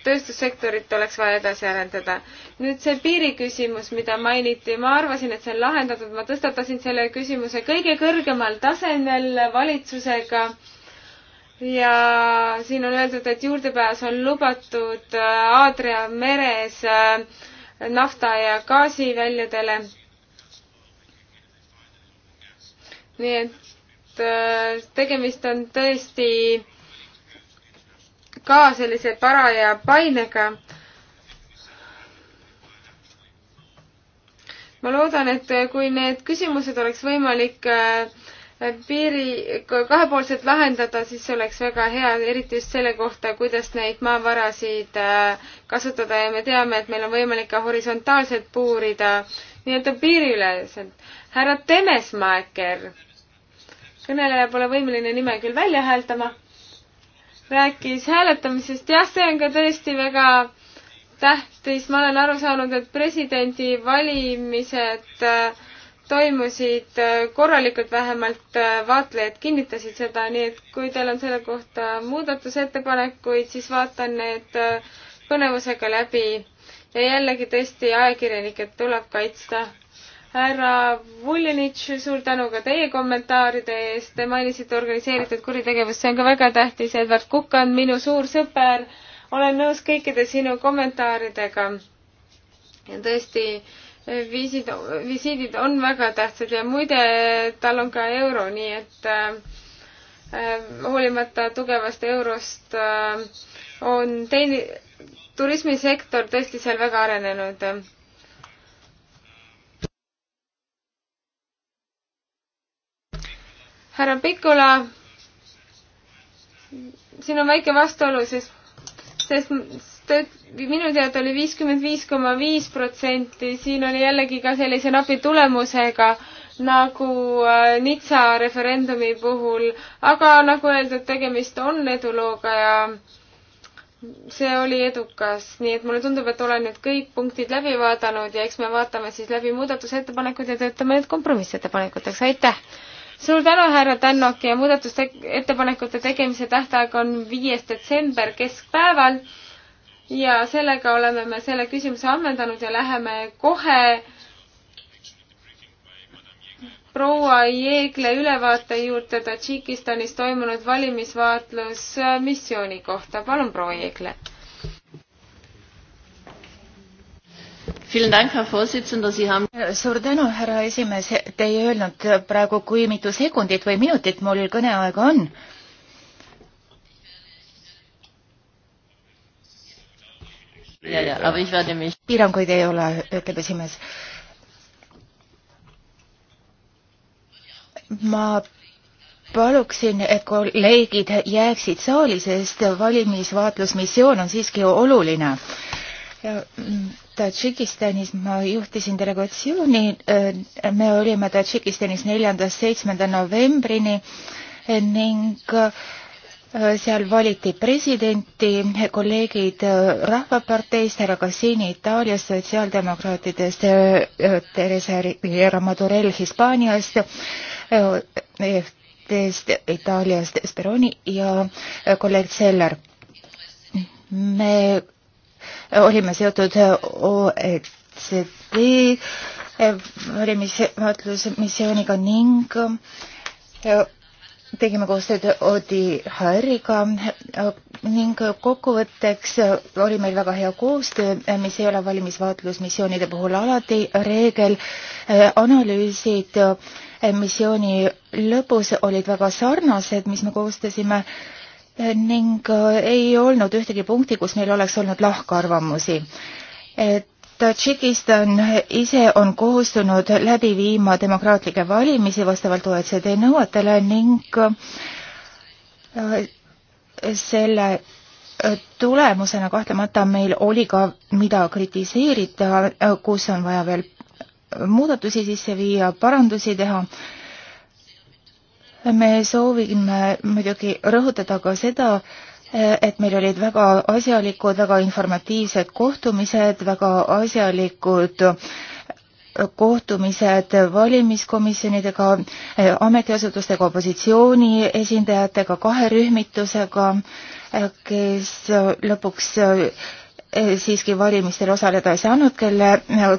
tööstussektorit oleks vaja edasi arendada. nüüd see piiriküsimus, mida mainiti, ma arvasin, et see on lahendatud, ma tõstatasin selle küsimuse kõige kõrgemal tasemel valitsusega ja siin on öeldud, et juurdepääs on lubatud äh, Aadria meres äh, nafta ja gaasiväljadele. nii et äh, tegemist on tõesti ka sellise paraja painega. ma loodan, et kui need küsimused oleks võimalik äh, piiri, kahepoolselt lahendada, siis oleks väga hea, eriti just selle kohta, kuidas neid maavarasid äh, kasutada ja me teame, et meil on võimalik ka horisontaalselt puurida nii-öelda piiriüleselt. härra Temesmaeker, kõneleja pole võimeline nime küll välja hääldama, rääkis hääletamisest, jah, see on ka tõesti väga tähtis, ma olen aru saanud, et presidendi valimised äh, toimusid äh, korralikult, vähemalt äh, vaatlejad kinnitasid seda, nii et kui teil on selle kohta muudatusettepanekuid, siis vaatan need äh, põnevusega läbi. ja jällegi tõesti, ajakirjanikke tuleb kaitsta. härra Vuljanitš, suur tänu ka teie kommentaaride eest, te mainisite organiseeritud kuritegevust, see on ka väga tähtis, Edward Kukk on minu suur sõber, olen nõus kõikide sinu kommentaaridega. ja tõesti, viisid, visiidid on väga tähtsad ja muide, tal on ka euro, nii et äh, hoolimata tugevast eurost äh, on teine, turismisektor tõesti seal väga arenenud. härra Pikula, siin on väike vastuolu, sest, sest minu teada oli viiskümmend viis koma viis protsenti, siin oli jällegi ka sellise napi tulemusega nagu äh, Nizza referendumi puhul, aga nagu öeldud, tegemist on edulooga ja see oli edukas, nii et mulle tundub, et olen nüüd kõik punktid läbi vaadanud ja eks me vaatame siis läbi muudatusettepanekud ja töötame need kompromissettepanekuteks, aitäh! suur tänu, härra Tannok ja muudatuste ettepanekute tegemise tähtaeg on viies detsember keskpäeval ja sellega oleme me selle küsimuse ammendanud ja läheme kohe proua Jeegle ülevaate juurde Tadžikistanis toimunud valimisvaatlusmissiooni kohta. palun, proua Jeegle. suur tänu, härra esimees, te ei öelnud praegu, kui mitu sekundit või minutit mul kõneaega on ja, ja, aga ich werde mich. piiranguid ei ole, ütleb esimees. ma paluksin, et kolleegid jääksid saali, sest valimisvaatlusmissioon on siiski oluline. Mm, Tadžikistanis ma juhtisin delegatsiooni, äh, me olime Tadžikistanis neljandast seitsmenda novembrini ning äh, Äh, seal valiti presidenti, kolleegid äh, Rahvaparteist, härra Cassini Itaaliast, sotsiaaldemokraatidest, äh, Theresa Riera Madurell Hispaaniast, EFT-st Itaaliast Speroni ja kolleeg Seller. me olime seotud OECD valimisvaatlusmissiooniga ning tegime koostööd Odi Harriga äh, ning kokkuvõtteks äh, oli meil väga hea koostöö, äh, mis ei ole valimisvaatlusmissioonide puhul alati reegel. analüüsid missiooni lõpus olid väga sarnased, mis me koostasime ning ei olnud ühtegi punkti, kus meil oleks olnud lahkarvamusi Tadžikistan ise on kohustunud läbi viima demokraatlikke valimisi vastavalt OECD nõuetele ning äh, selle äh, tulemusena kahtlemata meil oli ka, mida kritiseerida, äh, kus on vaja veel muudatusi sisse viia, parandusi teha. me soovime muidugi rõhutada ka seda, et meil olid väga asjalikud, väga informatiivsed kohtumised, väga asjalikud kohtumised valimiskomisjonidega, ametiasutustega, opositsiooni esindajatega, kahe rühmitusega, kes lõpuks eh, siiski valimistel osaleda ei saanud, kelle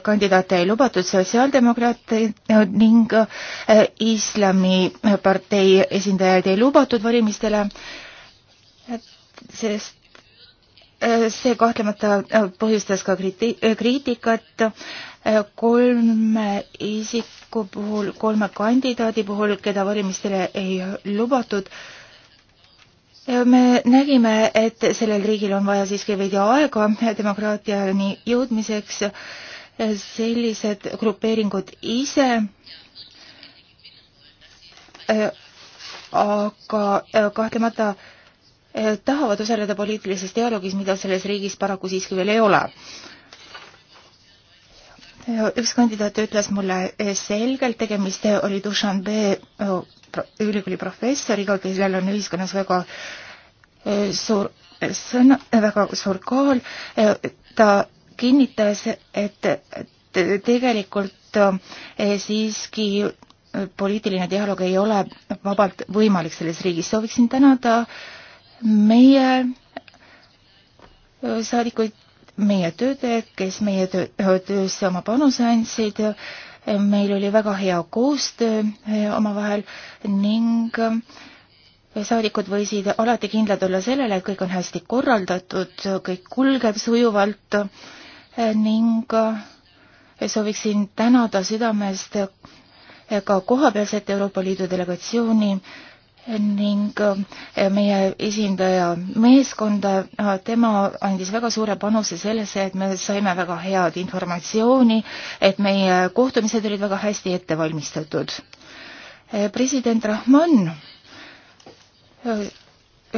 kandidaate ei lubatud, sotsiaaldemokraate ning eh, islamipartei esindajaid ei lubatud valimistele sest äh, see kahtlemata äh, põhjustas ka äh, kriitikat kolme isiku puhul, kolme kandidaadi puhul, keda valimistele ei lubatud. me nägime, et sellel riigil on vaja siiski veidi aega demokraatiani jõudmiseks. sellised grupeeringud ise aga kahtlemata äh, Eh, tahavad osaleda poliitilises dialoogis, mida selles riigis paraku siiski veel ei ole. üks kandidaat ütles mulle eh, selgelt, tegemist oli Dushanbe eh, ülikooli professoriga, kellel on ühiskonnas väga suur sõna, väga suur kaal. ta kinnitas, et tegelikult siiski poliitiline dialoog ei ole vabalt võimalik selles riigis. sooviksin tänada äh, meie äh, saadikuid, meie töötajaid, kes meie töö, töösse oma panuse andsid. meil oli väga hea koostöö äh, omavahel ning äh, saadikud võisid alati kindlad olla sellele, et kõik on hästi korraldatud, kõik kulgeb sujuvalt ning sooviksin tänada südamest ka kohapealset Euroopa Liidu delegatsiooni ning äh, meie esindaja meeskonda, äh, tema andis väga suure panuse sellesse, et me saime väga head informatsiooni, et meie kohtumised olid väga hästi ette valmistatud. Äh, president Rahman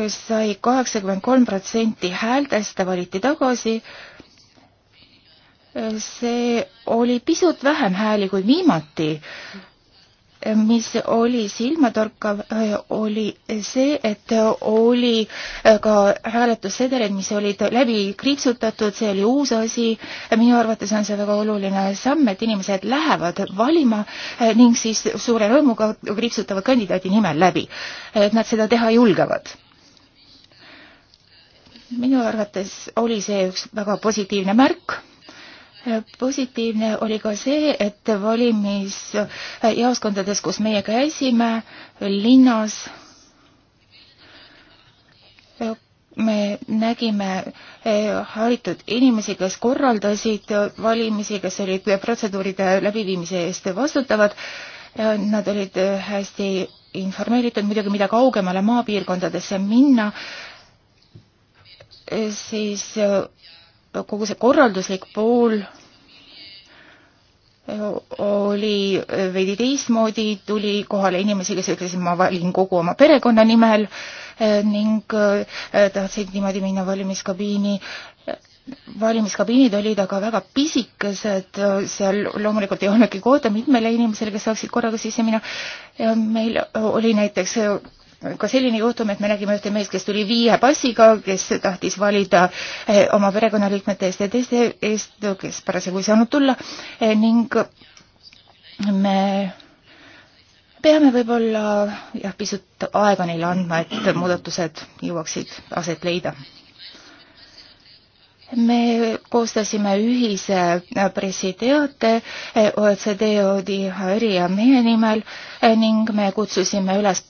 sai kaheksakümmend kolm protsenti häältest, ta valiti tagasi. see oli pisut vähem hääli kui viimati mis oli silmatorkav, äh, oli see, et oli äh, ka hääletussedelid, mis olid läbi kriipsutatud, see oli uus asi. minu arvates on see väga oluline samm, et inimesed lähevad valima äh, ning siis suure rõõmuga kriipsutavad kandidaadi nimel läbi, et nad seda teha julgevad. minu arvates oli see üks väga positiivne märk positiivne oli ka see, et valimisjaoskondades, kus meie käisime, linnas me nägime eh, haritud inimesi, kes korraldasid valimisi, kes olid protseduuride läbiviimise eest vastutavad. Nad olid eh, hästi informeeritud, muidugi mida kaugemale maapiirkondadesse minna, eh, siis kogu see korralduslik pool oli veidi teistmoodi, tuli kohale inimesi, kes ütlesid, ma valin kogu oma perekonna nimel eh, ning eh, tahtsid niimoodi minna valimiskabiini. valimiskabiinid olid aga väga pisikesed, seal loomulikult ei olnudki kvoota mitmele inimesele, kes saaksid korraga sisse minna. meil oli näiteks ka selline juhtum, et me nägime ühte meest, kes tuli viie passiga, kes tahtis valida eh, oma perekonnaliikmete eest ja teiste eest, kes parasjagu ei saanud tulla eh, ning me peame võib-olla jah, pisut aega neile andma, et muudatused jõuaksid aset leida me koostasime ühise äh, pressiteate äh, OECD, ODIHR-i ja meie nimel äh, ning me kutsusime üles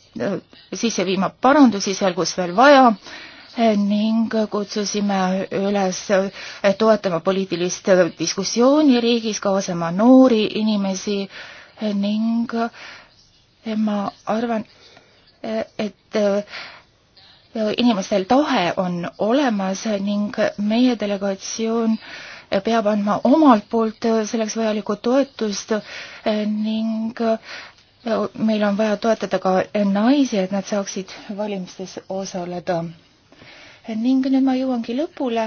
sisse viima parandusi seal, kus veel vaja ning kutsusime üles toetama poliitilist diskussiooni riigis, kaasama noori inimesi ning ma arvan, et inimestel tahe on olemas ning meie delegatsioon peab andma omalt poolt selleks vajalikku toetust ning meil on vaja toetada ka naisi, et nad saaksid valimistes osaleda. ning nüüd ma jõuangi lõpule.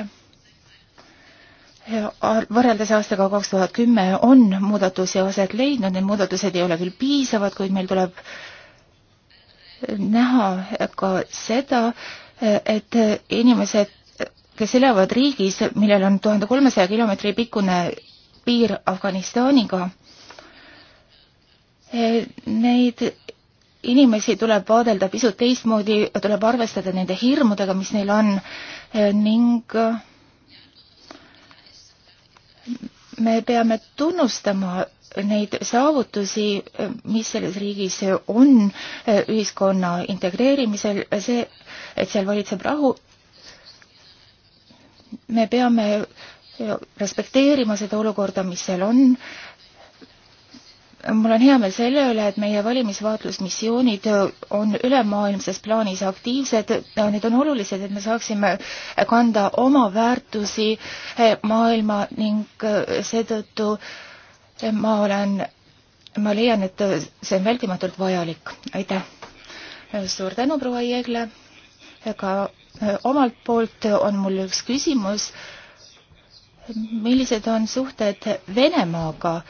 võrreldes aastaga kaks tuhat kümme on muudatusi aset leidnud, need muudatused ei ole küll piisavad, kuid meil tuleb näha ka seda, et inimesed, kes elavad riigis, millel on tuhande kolmesaja kilomeetri pikkune piir Afganistaniga, neid inimesi tuleb vaadelda pisut teistmoodi, tuleb arvestada nende hirmudega, mis neil on ning me peame tunnustama neid saavutusi, mis selles riigis on eh, ühiskonna integreerimisel, see, et seal valitseb rahu, me peame eh, respekteerima seda olukorda, mis seal on. mul on hea meel selle üle, et meie valimisvaatlusmissioonid on ülemaailmses plaanis aktiivsed, need on olulised, et me saaksime kanda oma väärtusi eh, maailma ning seetõttu äh, ma olen, ma leian, et see on vältimatult vajalik. aitäh! suur tänu, proua Jeegle! ka omalt poolt on mul üks küsimus. millised on suhted Venemaaga,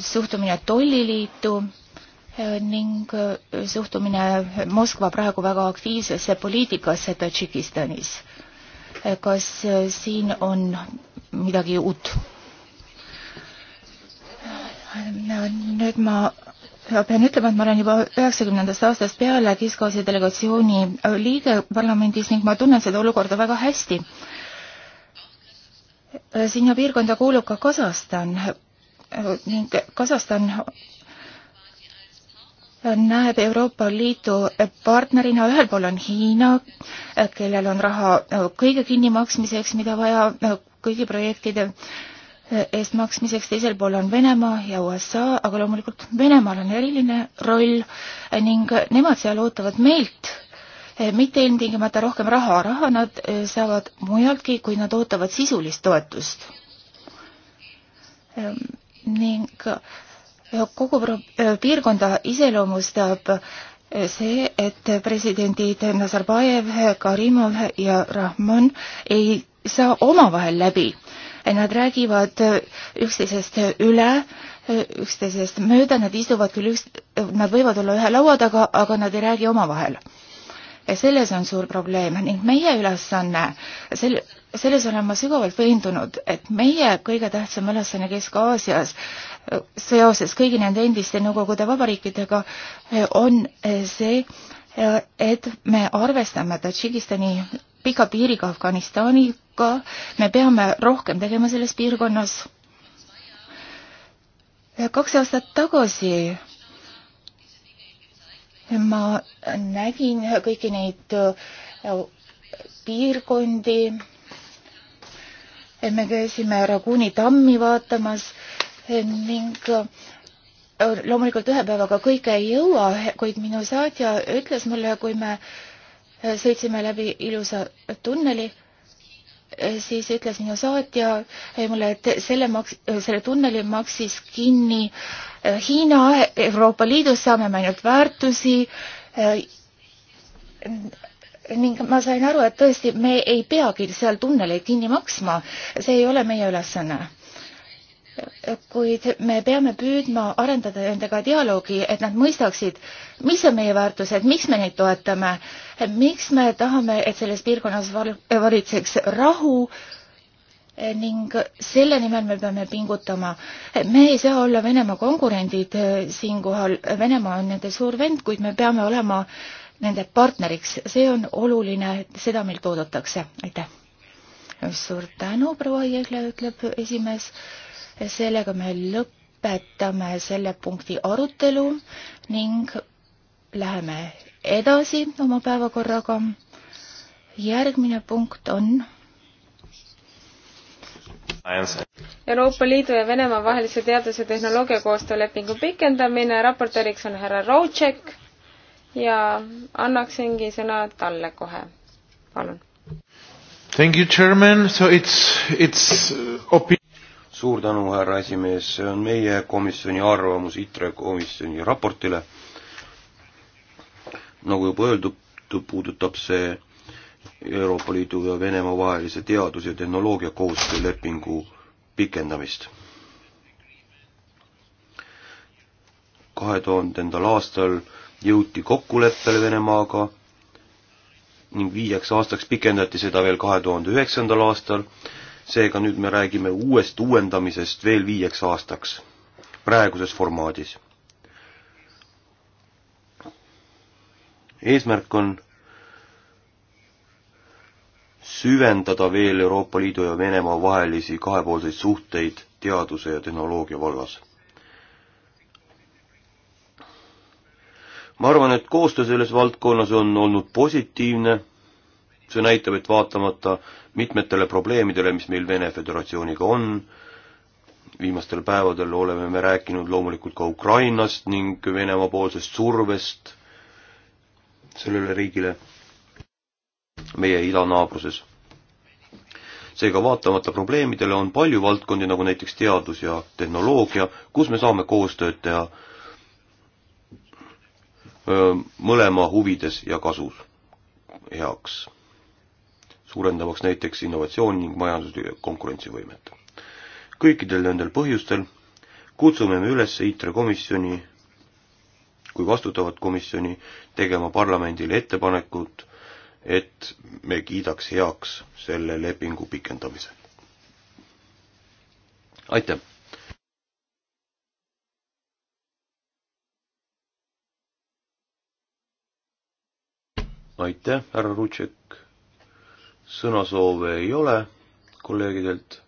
suhtumine tolliliitu ning suhtumine Moskva praegu väga aktiivsesse poliitikasse Tadžikistanis? kas siin on midagi uut? nüüd ma ma pean ütlema, et ma olen juba üheksakümnendast aastast peale Kiskasi delegatsiooni liige parlamendis ning ma tunnen seda olukorda väga hästi. sinna piirkonda kuulub ka Kasahstan ning Kasahstan näeb Euroopa Liitu partnerina, ühel pool on Hiina, kellel on raha kõige kinnimaksmiseks, mida vaja kõigi projektide äh, eest maksmiseks, teisel pool on Venemaa ja USA, aga loomulikult Venemaal on eriline roll ning nemad seal ootavad meilt eh, mitte ilmtingimata rohkem raha, raha nad eh, saavad mujaltki, kuid nad ootavad sisulist toetust. Ehm, ning eh, kogu piirkonda iseloomustab see, et presidendid Nazarbajev, Karimov ja Rahman ei saa omavahel läbi Nad räägivad äh, üksteisest äh, üle, äh, üksteisest mööda, nad istuvad küll üks, nad võivad olla ühe laua taga, aga nad ei räägi omavahel. ja selles on suur probleem ning meie ülesanne, sel-, selles olen ma sügavalt veendunud, et meie kõige tähtsam ülesanne Kesk-Aasias seoses kõigi nende endiste Nõukogude vabariikidega on see, et me arvestame Tadžikistani pika piiriga Afganistani ka me peame rohkem tegema selles piirkonnas. kaks aastat tagasi ma nägin kõiki neid äh, piirkondi, me käisime Raguni tammi vaatamas äh, ning äh, loomulikult ühe päevaga kõike ei jõua, kuid minu saatja ütles mulle, kui me sõitsime läbi ilusa tunneli, Äh, siis ütles minu saatja äh, mulle, et selle maks-, äh, selle tunneli maksis kinni Hiina, Euroopa Liidus saame me ainult väärtusi ning ma sain aru, et tõesti, me ei peagi seal tunneleid kinni maksma, see ei ole meie ülesanne kuid me peame püüdma arendada nendega dialoogi, et nad mõistaksid, mis on meie väärtused, miks me neid toetame, miks me tahame, et selles piirkonnas val-, valitseks rahu ning selle nimel me peame pingutama. me ei saa olla Venemaa konkurendid eh, siinkohal, Venemaa on nende suur vend, kuid me peame olema nende partneriks, see on oluline, seda meilt oodatakse, aitäh. suur tänu, proua Jõhla, ütleb esimees sellega me lõpetame selle punkti arutelu ning läheme edasi oma päevakorraga. järgmine punkt on Euroopa Liidu ja Venemaa vahelise teadus- ja tehnoloogiakoostöölepingu pikendamine, raportööriks on härra Rootšek ja annaksingi sõna talle kohe, palun. Thank you, chairman, so it's, it's uh, opi- suur tänu, härra esimees, see on meie komisjoni arvamus ITRE komisjoni raportile. nagu juba öeldud, puudutab see Euroopa Liidu ja Venemaa vahelise teadus- ja tehnoloogiakoostöö lepingu pikendamist. kahe tuhandendal aastal jõuti kokkuleppele Venemaaga ning viieks aastaks pikendati seda veel kahe tuhande üheksandal aastal seega nüüd me räägime uuest uuendamisest veel viieks aastaks praeguses formaadis. eesmärk on süvendada veel Euroopa Liidu ja Venemaa vahelisi kahepoolseid suhteid teaduse ja tehnoloogia vallas. ma arvan, et koostöö selles valdkonnas on olnud positiivne see näitab, et vaatamata mitmetele probleemidele, mis meil Vene Föderatsiooniga on, viimastel päevadel oleme me rääkinud loomulikult ka Ukrainast ning Venemaa-poolsest survest sellele riigile meie idanaabruses. seega vaatamata probleemidele on palju valdkondi, nagu näiteks teadus ja tehnoloogia, kus me saame koostööd teha mõlema huvides ja kasus heaks suurendamaks näiteks innovatsiooni ning majanduse konkurentsivõimet. kõikidel nendel põhjustel kutsume me üles ITRE komisjoni kui vastutavat komisjoni tegema parlamendile ettepanekut, et me kiidaks heaks selle lepingu pikendamise. aitäh! aitäh, härra Rutšek! sõnasoove ei ole kolleegidelt.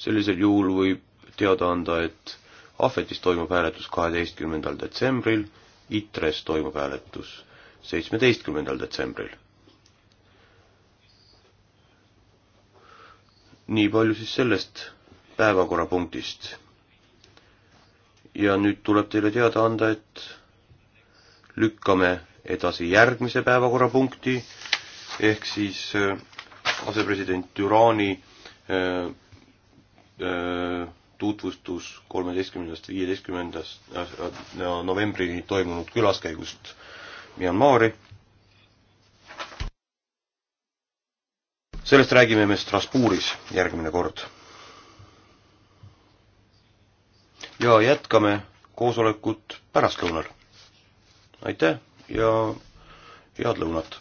sellisel juhul võib teada anda, et Ahvetis toimub hääletus kaheteistkümnendal detsembril, ITRES toimub hääletus seitsmeteistkümnendal detsembril. nii palju siis sellest päevakorrapunktist. ja nüüd tuleb teile teada anda, et lükkame edasi järgmise päevakorrapunkti ehk siis äh, asepresident Türani äh, äh, tutvustus kolmeteistkümnendast viieteistkümnendast novembrini toimunud külaskäigust Myanmari. sellest räägime me Strasbourgis järgmine kord. ja jätkame koosolekut pärastlõunal. aitäh! ja head lõunat!